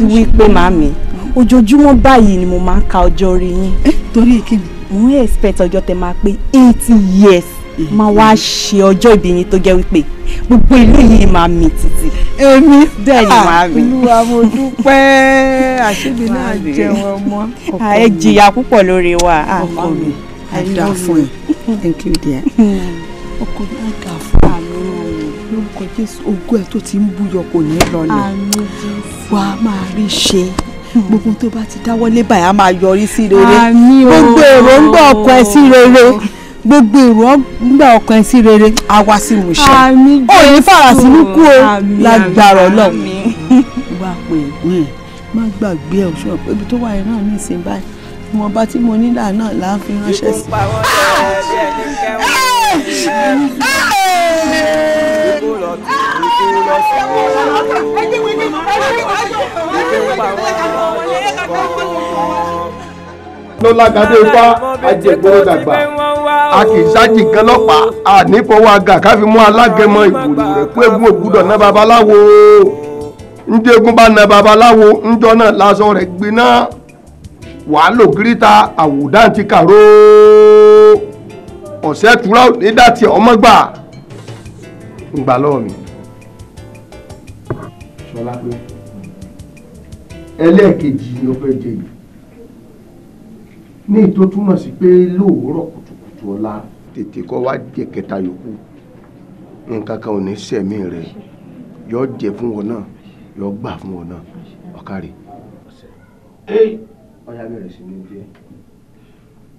rántí wípé màmí ojoojúmọ́ báyìí ni mo máa ń ka ọjọ́ orí yín. Eh, torí èkéde. mo ń expect ọjọ́ tẹ máa pé eighty years máa wá ṣe ọjọ́ ìbí yín tó jẹ́ wípé gbogbo ìlú yìí máa mì títì. èmi eh, bẹ́ẹ̀ ni ah, màá mi. olúwa mo dúpẹ́ àṣebi náà jẹun ọmọ. Ah, ẹ jìyà púpọ̀ lórí wa. Ah, ọkọ mi i da fún ẹ thank you dear. Hmm. ọkọ mi i da lórúkọ jésù ògo ẹ tó ti ń búyọ kò ní lọlẹ̀ wàá máa rí ṣe gbogbo tó bá ti dáwọ́lé báyìí á máa yọrí sí rere gbogbo èrò ń gbọ́ ọkọ ẹ sí rere gbogbo èrò ńgbà ọkàn ẹ sí rere á wá sí ìmúṣẹ ó ní farasin kú o lágbára Ọlọ́run wá pé má gbàgbé ẹ ọṣọ ibi tó wà yẹn náà ní ìsìn báyìí ìwọ̀nba tí mo nílà náà là ń fi ránṣẹ́ sí i. ló lágbàdo ipá ajẹgbọrọ dàgbà a kì í ṣáàjì kan lọ́pàá a ní fọwọ́ àgà ká fi mú alágẹmọ ìwòlò rẹ̀ pé egun ògbúdọ̀ ná babaláwo ndégun bá na babaláwo ńjọ náà lásọ rẹ̀ gbiná wàá lò gíríta àwòdà kàró. ọ̀sẹ̀ tura ò ní dàtí ọmọ gbà ń gbà lọ́wọ́ mi. sọlá pé ẹlẹ́ẹ̀kejì ni ó fẹ́ jẹ yìí ní ètò túmọ̀ sí pé lóòórọ̀ kùtùkùtù ọ̀la tètè kọ́ wá jẹ kẹta yòókù nǹkan kan ò ní sẹ̀mí rẹ̀ yọ jẹ fún wọn náà yọ gbà fún wọn náà ọ̀kárì. ọ̀ya bẹ̀rẹ̀ sí ní bí ẹ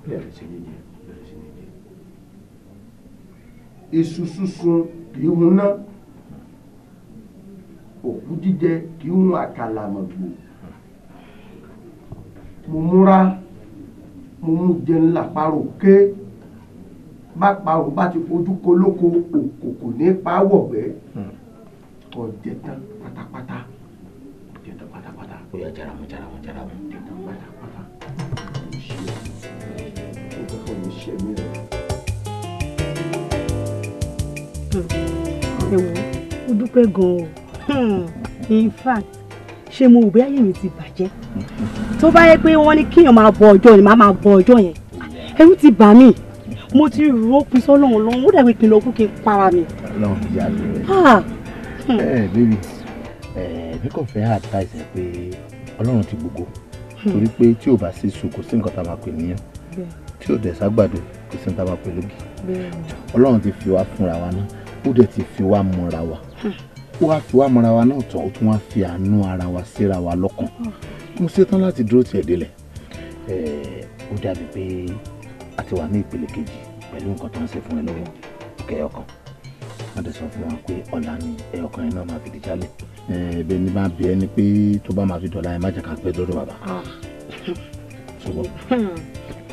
bẹ̀rẹ̀ sí ní jẹ iṣu súnsun kì í hun ná òkú jíjẹ kì í hun àkàlàmọ̀gbò mo múra mo mú jẹ ńlá parò ké bá parò bá ti fojú kolóko òkòkò ní pawọ̀gbẹ́ ọ̀jẹ̀ tán pátápátá ọ̀jẹ̀ tán pátápátá ó yà jaramu jaramu jaramu ọ̀jẹ̀ tán pátápátá ó ṣe é ó kọ́kọ́ ẹ ó dúpẹ́ gan o hmm, in fact ṣé mo òbí ayé mi ti bàjẹ́ tó bá yẹ pé wọ́n ní kíyàn máa bọ ọjọ́ ni màá máa bọ ọjọ́ yẹn ẹrú ti bà mí mo ti rò ó pin sọ́lọ́run lọ́run ó dàgbé kí n lọ kú kí n para mi. Ọlọ́run ìyá rẹ ẹ bébì ẹ mi ah! hmm. eh, eh, kò fẹ́ advice ẹ pé Ọlọ́run ti gbogbo hmm. torí pé tí ò bá sí sùn kò sí nǹkan tá a máa pè níyàn tí ò dẹ̀ ságbàdo kò sí nǹkan tá a máa pè lógi Ọlọ́run ti fi wá fúnra wa náà ó dẹ̀ ti fi wá mọ́ra wa ó wá fi wá mọ́ra wa náà tán ó tún wá fi àánú ara wa síra wa lọ́kàn mo ṣetán láti dúró tiẹ̀ délẹ̀ ó dàbí pé a ti wà ní ìpele kejì pẹ̀lú nǹkan tó ń ṣe fún ẹ lọ́wọ́ ìkẹyọ̀ kan wọ́n ti sọ fún wa pé ọ̀la ni ẹ̀ọ̀kan yẹn náà máa fi di jálẹ̀ ẹ̀ẹ́dẹ̀ ní bá bí ẹni pé tó bá máa fi dọ̀la ẹ̀ má jẹ́ ká pẹ́ dọ́dọ̀ bàbá ah.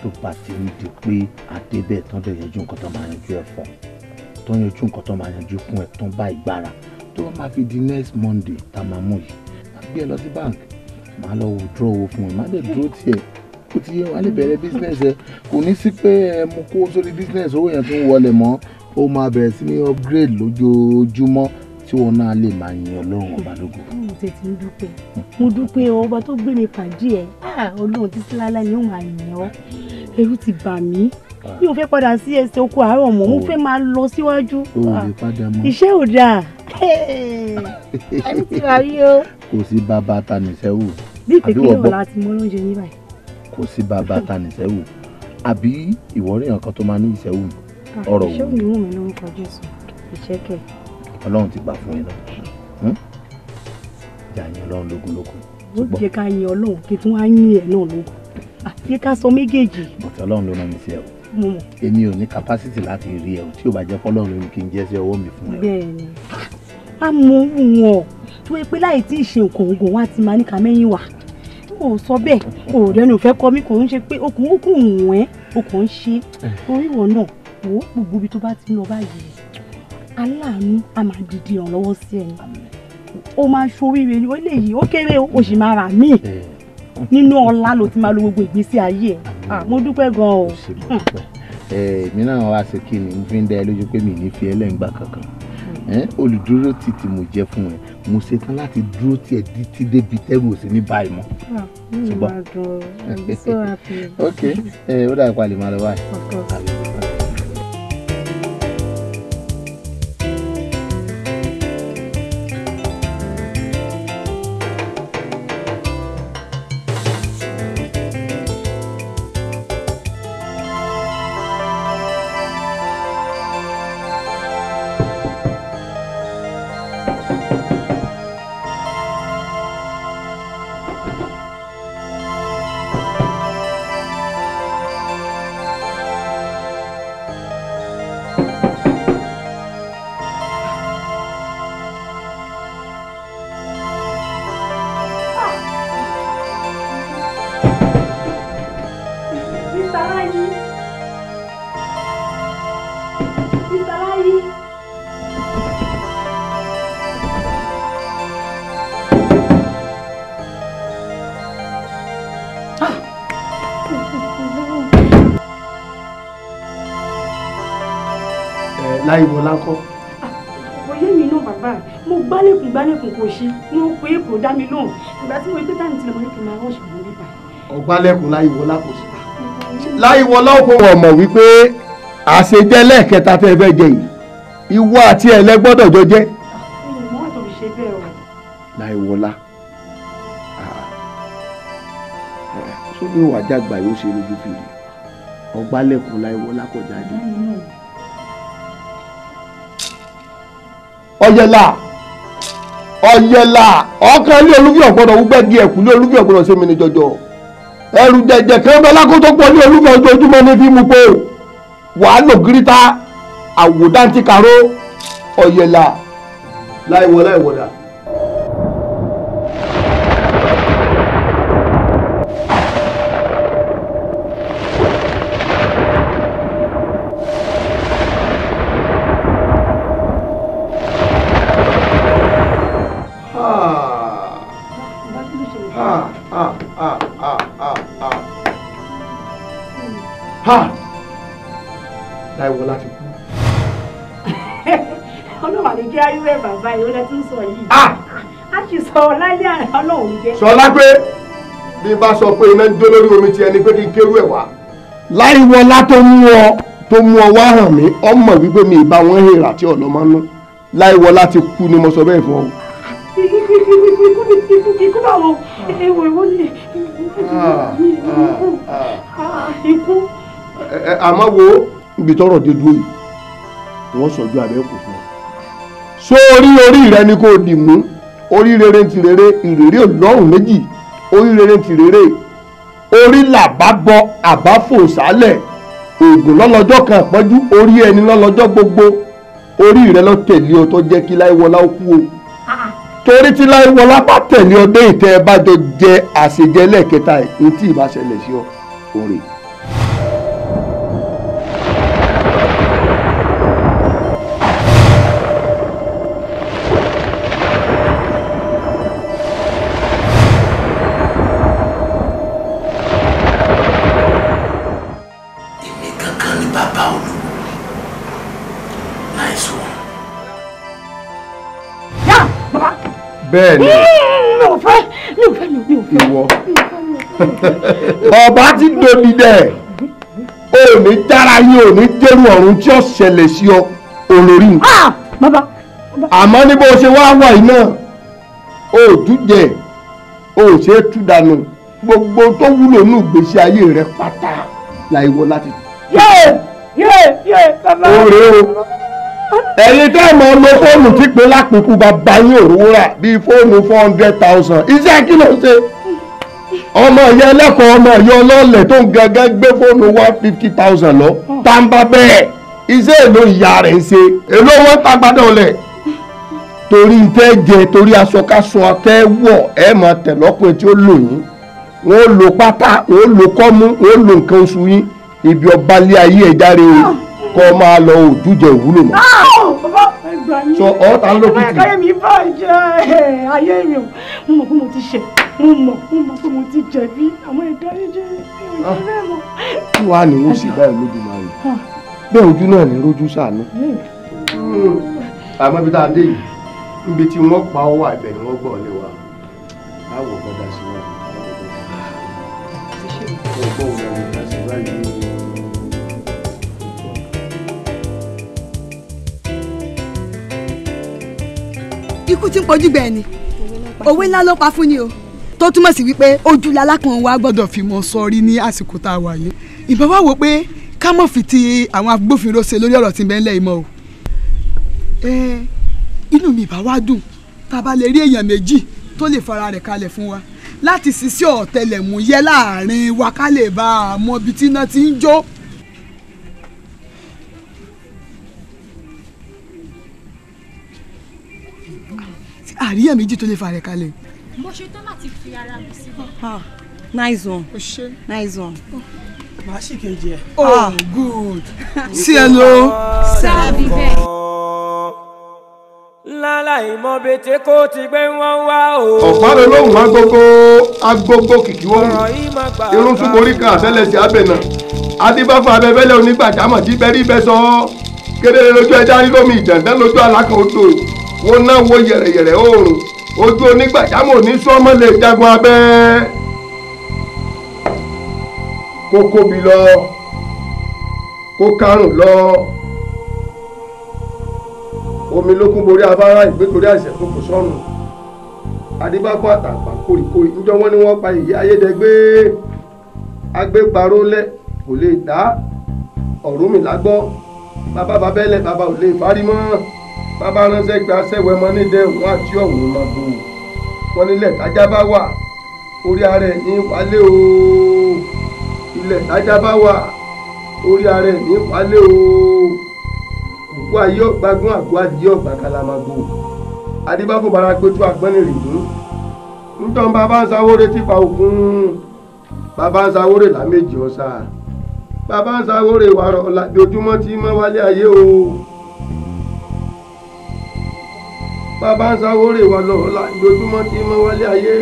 tó bá ti ń di pé adébẹ̀ tán dẹ̀ yẹjú nǹkan tó máa yanjú ẹ̀ fún tó ń yanjú nǹkan tó máa yanjú fún ẹ tó ń bá ìgbára tó máa fi di next monday tá a máa mú yìí má gbé ẹ lọ sí bank má lọ withdraw owó fún ẹ má dẹ̀ dúró tiẹ̀ kò ti yẹ wà lè bẹ̀rẹ̀ business ẹ kò ní sí pé ẹ mú kó sórí business owó yẹn tó ń wọlé mọ́ ó máa bẹ̀rẹ̀ sí ní upgrade lójoojúmọ́ tí wọn náà lè máa yin ọlọ́run ọba lógo. mo tètè ń dúpẹ́ mo dúpẹ́ ọba tó gbé mi pàdé ẹ̀ ah, ọlọ́run títí láláì ni ó máa ti bà mí Ah. mi ò fẹ́ padà sí ẹsẹ̀ oko àárọ̀ mọ́ mo fẹ́ máa lọ síwájú ah, iṣẹ́ ò dáa ẹni tí wàá rí o. kò sí bàbá tanisẹ́wò. bí kékeré wà láti mú oúnjẹ ní báyìí. kò sí bàbá tanisẹ́wò àbí ìwọ́rìn ọ̀kan tó máa ní ìṣẹ́wò ah, ọ̀rọ̀ wò. iṣẹ́ òní wù mí ló ń kọjú sùn ìṣẹ́kẹ̀. ọlọ́run ti gbà fún yín náà hmm? jà yín ọlọ́run lógún lógún. ó jẹ́ ká yin ọlọ́run kí tún wá yin ẹ̀ náà lógún àti ká sọ méjèèjì. bọ̀tẹ́ ọlọ́run ló rán mi sí ẹ o mo èmi ò ní capacity láti rí ẹ tí ò bá jẹ́ fọlọ́run ni kí n jẹ́ sí ọwọ́ mi fún ẹ. bẹ́ẹ̀ni a mọ ohun ọ tó yẹ pé láì tí ì ṣe nǹkan oògùn wa ti máa ní ká mẹ́yìn wá kò sọ bẹ́ẹ̀ kò rẹ́nu fẹ́ kọ́ mi kò ń ṣe pé okùn okùn wọ̀n ẹ́ okùn ń ṣe orí ìwọ náà wò ó gbogbo ibi tó bá ti ń lọ báyìí aláàánú a máa dìde ìrànlọ́wọ́ sí ẹni o máa ṣoríire ó lè yí ó kéré o sì máa rà míì nínú ọlá ló ti máa lo gbogbo ìgbésí ayé ẹ. Ah, mo dúpẹ́ gan o. èmi náà wá sí kí ni mo fi ń dá ẹ lójú pé mi ní fi ẹlẹ́ǹgbà kankan hmm. olùdúró tì tí mo jẹ́ fún ẹ mo ṣetán láti dúró tì ẹ títí débi tẹ́rù òsì ní báyìí mọ́. Ah, ṣùgbọ́n ok ó dàgbà lè máa lọ báyìí. pálẹ̀kùn láìwọlá kò sí. láìwọlá ò kò wọ̀ mọ̀ wípé àṣejẹ́ lẹ́ẹ̀kẹta tẹ́ ẹ fẹ́ jẹ yìí ìwọ àti ẹlẹ́gbọ́dọ̀ jọ jẹ́. láìwọlá sóbì wà jágbà yóò ṣe lójú fèrè ọgbálẹ̀kùn láìwọlá kò jáde. ọyẹlá ọyẹlá ọkàn ilé olúfẹ́ ọ̀gbọ́dọ̀ wúgbẹ́ di ẹ̀kú ilé olúfẹ́ ọ̀gbọ́dọ̀ ṣe jọjọ ẹrù jẹjẹ kan bẹ lákòótó pọ̀ ní olúfẹ́ ojoojúmọ́ ní fíìmù pé wàá lò gíríta àwòdántí karó ọ̀yẹ̀là láìwọ̀ láìwọ̀dà. ti ayúwẹ̀ bàbá yìí ó lẹ tún sọ yìí. Ah! a sì sọ lálẹ́ àná lòun jẹ́. sọlá pé bí bá sọ pé iná ń jó lórí omi tiẹ̀ ni pé kí n kéwú ẹ̀ wá. láì wọlá tó mú ọ tó mú ọ wá hàn mí ọmọ wípé mi ìbá wọn hèrà tí ọlọmọ nú láì wọlá ti kú ni mo sọ bẹ́ẹ̀ fún ọ. ikú báwo ewu ewu ni ikú. àmọ́ wo ibi tọ́rọ̀ dé dúró yìí wọ́n sọ ju abẹ́kù fún ọ so orí orí rẹ ni kò dì mú orí rere ti rere ìrírí ọlọ́run méjì orí rere ti rere orí làbá bọ àbá fò sálẹ̀ oògùn lọ́lọ́jọ́ kan àpọ́njú orí ẹni lọ́lọ́jọ́ gbogbo orí rẹ lọ tẹ̀lé ọ tó jẹ́ kí láìwọlá ó kú o torí tí láìwọlá bá tẹ̀lé ọ dé ìtẹ́ ẹ bá jọ jẹ àṣejẹ lẹ́ẹ̀kẹta ẹ̀ ní tí ìbá ṣẹlẹ̀ sí ọ òrè. bẹ́ẹ̀ ni. Mm, mi ò fẹ́ mi ò fẹ́ mi ò fẹ́. ìwọ ọba ti dòdì dẹ o ní dára yín o ní dẹrù ọ̀run tí ó ṣẹlẹ̀ sí ọ olórí. Ah, bàbá. àmọ́ ní bó ṣe wá wà yìí náà o dúdẹ o ṣe é tú dànù gbogbo tó wúlò nù gbèsè ayé rẹ pátá làìwọ láti. yéé yéé yéé bàbá. o rèé o ẹ̀yin tẹ́ mọ lo fóònù tí pé lápẹ̀kú bàbá yín òróró rà bíi fóònù four hundred thousand iṣẹ́ kí ló ń ṣe ọmọ ìyá ẹlẹ́kọ̀ọ́ ọmọ ìyá ọlọ́ọ̀lẹ̀ tó ń gangan gbé fóònù one fifty thousand lọ tá n bá bẹ́ẹ̀ iṣẹ́ èlò ìyá rẹ̀ ń ṣe èlò wọn ta gbádùn lẹ̀ torí tẹ́ jẹ torí aṣọkáṣọ tẹ́ wọ̀ ẹ máa tẹ̀ lọ́kùnrin tí ó lò yín wọ́n lo pátá wọ́n lo kọ́mú wọ́n lo nǹkan oṣù yín ibi ọba ayé ẹ̀ járe o kọ́ ọ máa lọ òjújẹ òwúlò mọ́. sọ ọ ta ló fi tì. ayé mi bàjẹ́ ayé mi ò mo mọ̀ pé mo ti ṣe mo mọ̀ mo mọ̀ pé mo ti jẹ̀bi àmọ́ ẹ̀dá yìí jẹ́ ìwé bẹ́ẹ̀ ah. mọ́. kí wàá ní wọ́n sì báyìí lójú máa rí ah. bẹ́ẹ̀ ojú náà ní rojú sàánú. àmọ́ ibi tá a dé yìí níbi tí wọ́n pa ọwọ́ àgbẹ̀ ni wọ́n gbọ́ ọ lé wa báwo kọ́ da sí wa. Thank you. ikú tí ń pojú gbẹ ni òwe ńlá ló pa fún ni o tó túmọ̀ sí wípé ojú lalákan wa gbọ́dọ̀ fi mọ́ sọrí ní àsìkò tá a wà yìí ìbá wa wò pé ká fi ti àwọn agbófinró ṣe lórí ọ̀rọ̀ tí ń bẹ mọ́ o inú mi ìbá wa dùn tá a bá lè rí èèyàn méjì tó lè fara rẹ̀ kalẹ̀ fún wa láti ṣiṣẹ́ ọ̀tẹlẹ̀múyẹ́ láàrin wa ká lè bá a mọ ibi tí iná ti ń jó àríyá méjì tó lè fa rẹ̀ kalẹ̀. mo ṣe tán láti fi ara mi síbọ̀. nice one nice one. màá sì kejì ẹ. oh ah. good. sí ẹ lo. sáàbì bẹ́ẹ̀. láláì mọ bètè kó ti gbé wọn wá o. ọ̀pára lóhùn agogo agogo kìkì wọ́n irun tún borí kan àtẹ́lẹsẹ̀ abẹ náà adébáfà abẹ́fẹ́lẹ́ onígbàjámọ̀ jíbẹ́rí bẹ́ kedere lójú ẹja rí lómi ìjàndá lójú alákan wo náà wo yẹ̀rẹ̀yẹ̀rẹ̀ oòrùn ojú onígbàjámọ̀ ní sọ́mọ́ lè jagun abẹ́ kó kóbi lọ kó karùn lọ omi ló kún borí afárá ìgbétorí àìsàn tó kù sọnù adébákọ àtàpà kórìkórì níjọ wọn ni wọn pa ìyá ayédègbé agbéparó lẹ kò lè dá ọ̀rùn mi lágbọ́ bàbá babẹ́lẹ̀ bàbá ò lè parí mọ́ bàbá ránṣẹ́ gba sẹ́wẹ́ mọ́ nídẹ̀ wọn àti ọ̀hún mọ́ bò ó wọn nílẹ̀ tájá bá wà orí ara ẹ̀ ní wálé o ilẹ̀ tájá bá wà orí ara ẹ̀ ní wálé o òkú ayé ọ̀gbágún àgọ́ adìẹ ọ̀gbà kalamago adébáfò bára gbójú àgbọ́nìrìndún nítorí bàbá ń sanwó retí pa òkun bàbá ń sanwó rè láméjì ọ̀sà bàbá ń sanwó rè wàrọ̀ ọ̀làjòjúmọ́ tí mọ́ wálé ayé o. bàbá ń sáwó rè wá lọ́wọ́ la ìjojúmọ́ tí mọ́ wálé ayé.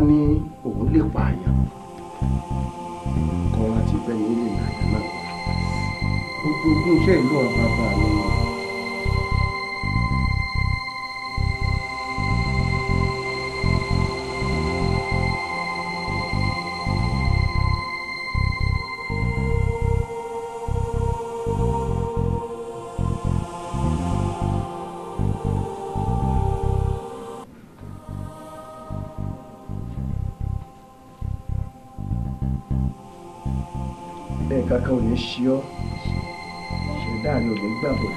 ni ṣe ṣẹ̀dá rẹ̀ ò lè gbàbọ̀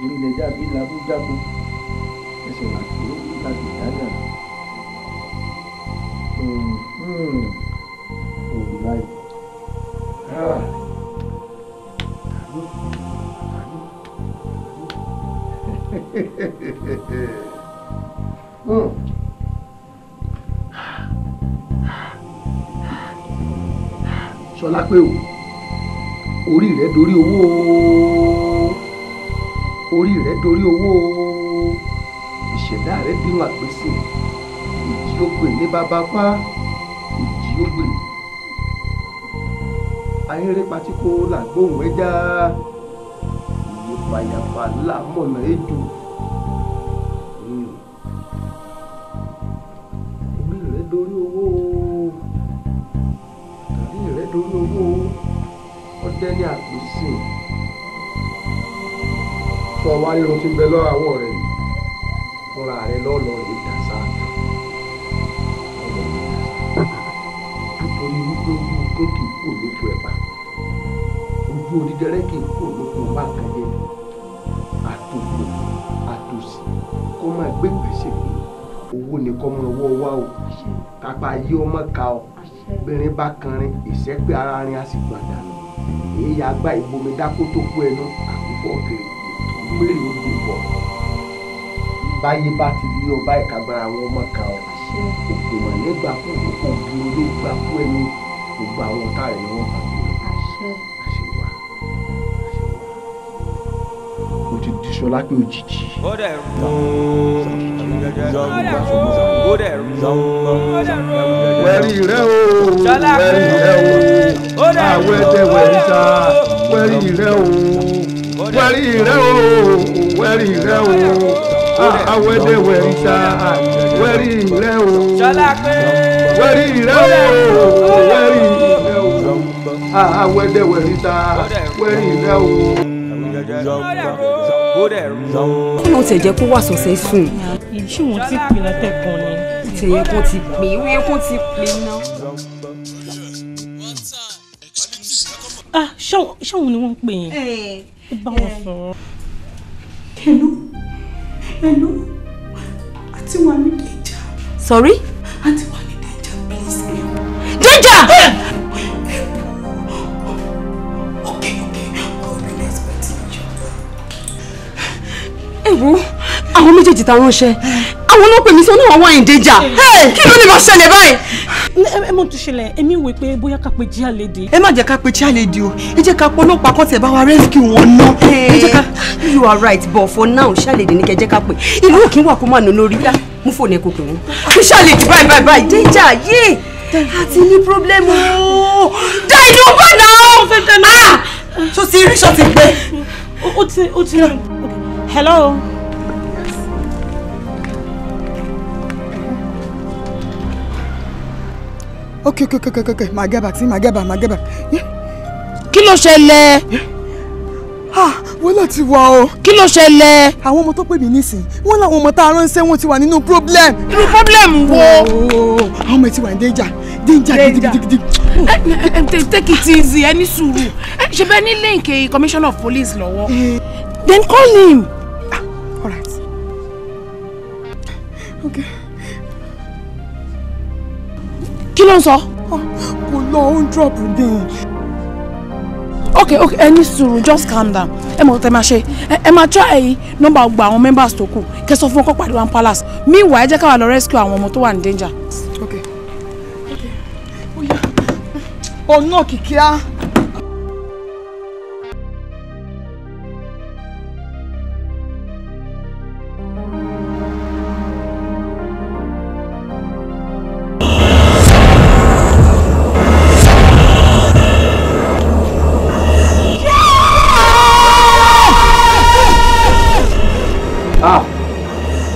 orí rẹ̀ ò jábí labújágun ẹsẹ̀ làkúrò láti dájà òòrùn láyé. Hmm. hmm. sọlá pé o orí rẹ dorí owó o orí rẹ dorí owó o ìṣẹ̀dá rẹ dínú àpèsè ìjì ogbè ní bàbá pa ìjì ogbè ayére patiko làgbóhùn ẹja ìyípayàpá làmọ̀nà ejò. torí owó ọdẹ ní àpèsè sọ wá irun tí ń bẹ lọ́wọ́ àwọ̀ rẹ̀ fúnra rẹ̀ lọ́ọ̀lọ́ rẹ̀ dàsá nítorí wípé ojú ikún kì í kú lóko ẹ̀pà ojú odidẹrẹ́ kì í kú lóko wákàjẹ́ àtòkò àtòsí kó máa gbé gbèsè fún owó ni kọ́ mọ owó wá o kápá yí ọmọ ká ọ bìnrin bá kanrin ìṣẹ́pẹ́ ara rin a sì èyí àgbà ìbomi dákó tó kú ẹnu àkúfọ̀ kiri mẹ́rin ó di wọ̀ báyé bá ti lé ọba ìkàgbára àwọn ọmọ kan ọ̀ òkùnrin nígbà kú òkùnrin nígbà kú ẹni gbogbo àwọn ọ̀tá rẹ̀ ni wọ́n bá wọn. ṣọlá pé òjijì. ó rẹ o wẹ̀rì rẹ o àwẹ̀ tẹ wẹ̀rì sá wẹ̀rì rẹ o wẹ̀rì rẹ o wẹ̀rì rẹ o àwẹ̀ tẹ wẹ̀rì sá wẹ̀rì rẹ o wẹ̀rì rẹ o wẹ̀rì rẹ o àwẹ̀ tẹ wẹ̀rì rẹ o ó dẹ̀ kí ló tẹ̀ jẹ́ kó wà sọ̀sẹ̀ sùn. ìṣé òun ti pè látẹ̀kùn ni. tẹ̀yẹ kó ti pè é wíyẹ ti pè é náà. ah ṣáwọn ni wọ́n ń pè yín. Eh, ó bá wọn eh. sọ̀rọ̀. hello hello àti wàá ní kí n jà. sorry. wo àwọn méjèèjì ta ránṣẹ́ àwọn ló pè mí sọ ní àwọn wáyé déjà kí ló ní bá ṣẹlẹ̀ báyìí. ẹ mọ̀ tó ṣẹlẹ̀ èmi wò pé bóyá ká pe jíà léde. ẹ má jẹ́ ká pe jíà léde o ẹ jẹ́ ká polópa kọ́ bá wa rescue wọn ná. ẹ jẹ́ ká you are right but for now ṣàlèdè ní kẹ́ jẹ́ ká pè ìlú òkè wà kó má nà lórí mú fòun ẹ̀ kò pè wọ́n. ṣàlèdè báyìí báyìí báyìí déjà yé àti ní problem o. dá inú bọ̀ náà. Ah! ó ti rí ṣọ́ọ̀tì pé. ó ti ó ti rìn. Hello? Yes. Okay, okay, okay, okay, okay. Màá get back, see, màá get back, màá get back. Kí ló ṣẹlẹ̀? Ah, wọ́lá ti wà o. Kí ló ṣẹlẹ̀? Àwọn ọmọ tó pè mí nísìn, wọ́n láwọn ọmọ tá a ránṣẹ́ wọn ti wà nínú problem. Nínú problem wo? Oh, oh, oh, Àwọn ọmọ ẹ ti wà ní danger danger gidigidigidi. Eh, eh, eh, take it easy ẹni sùúrù ṣe be ní link commissioner of police lọ́wọ́. then call him. kí ló ń sọ. Ah, kò lọ ó ń drop bẹ́ẹ̀. ok ok ẹ ní sùúrù just calm down ẹ mọ̀ tẹ́ máa ṣe ẹ máa try ẹ̀yìn nọ́mbà gba àwọn members tó kù kẹ́ fún ọkọ̀ pàdé one palace meanwhile ẹ jẹ́ káwa lọ rescue àwọn ọmọ tó wà ní danger. ok ok ó yá ọ̀nà kìkìá.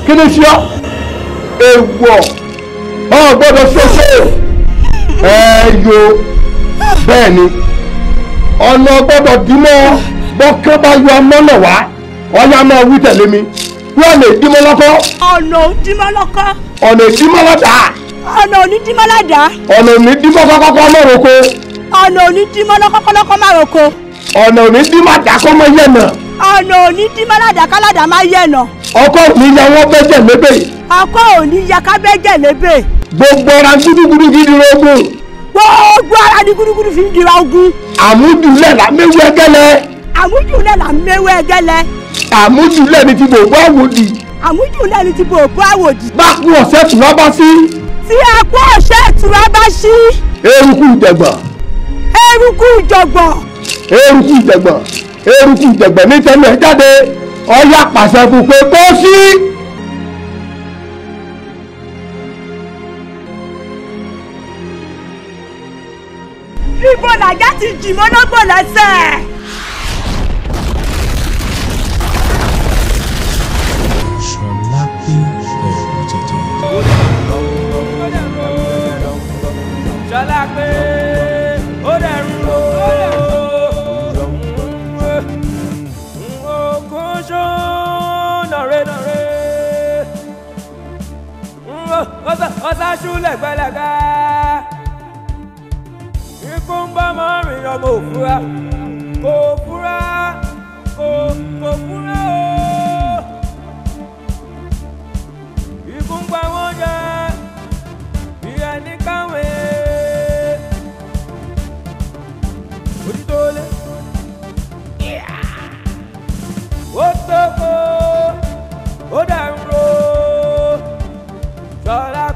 kí ni ṣíọ́ ewọ ọ gbọ́dọ̀ ṣoṣo ẹ yo bẹ́ẹ̀ ni ọ̀nà gbọ́dọ̀ dímọ́ bọ́kẹ́ bá yọ mọ́nà wá ọ̀yà máa wí tẹ̀lé mi wọ́n lè dímọ́ lọ́kọ́. ọ̀nà ò dímọ́ lọ́kọ́. ọ̀nà ò dímọ́ lọ́dà. ọ̀nà ò ní dímọ́ lọ́dà. ọ̀nà ò ní dímọ́ kọ́kọ́kọ́ máa roko. ọ̀nà ò ní dímọ́ lọ́kọ́kọ́lọ́kọ́ roko. ọ̀nà ò ní dímọ́ àdàkọ́ máa yẹ̀nà. ọ̀nà ò ní dímọ́ ládàkáládà máa yẹ̀nà ọkọ mi ya wọn bẹjẹ lébè. ọkọ ò ní ya ká bẹjẹ lébè. gbogbo ara gúdúgúdú fi dira ogun. gbogbo ara ni gúdúgúdú fi dira ogun. àmújulẹ̀ la méwu ẹgẹlẹ. àmújulẹ̀ la méwu ẹgẹlẹ. àmújulẹ̀ ni ti bòbó àwòdì. àmújulẹ̀ ni ti bòbó àwòdì. bá a kú ọ̀sẹ̀ tura bá sí. tí a kú ọ̀sẹ̀ tura bá sí. eruku ìjẹ̀gbọ̀n. eruku ìjẹ̀gbọ̀n. eruku ìjẹ̀gbọ̀n eruku ìjẹ̀gbọ̀n ní tẹ́lẹ̀ jáde ọyá pàṣẹ fún pé kó sí. ibo làjá ti jì mọ́nàgbọ̀n lẹ́sẹ̀. ṣọlá pé ẹ̀rù ọ̀sáṣú lẹ̀gbẹ́lẹ̀gbẹ́. ikú ń bọ́ mọ́ rìn ọmọ òfúra kò fúra kò kò fúra o. ikú ń pa wọ́n jẹ bí ẹni káwé. ojútólé ó tó kó ó dàrú ro ṣọ́ra.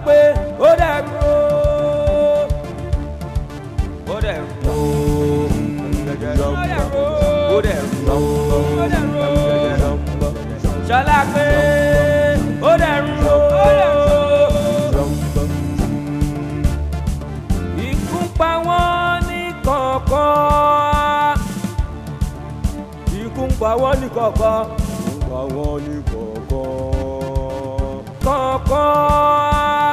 wọn ní kọ̀ọ̀kan kò gbà wọn ní kọ̀ọ̀kan kọ̀ọ̀kan.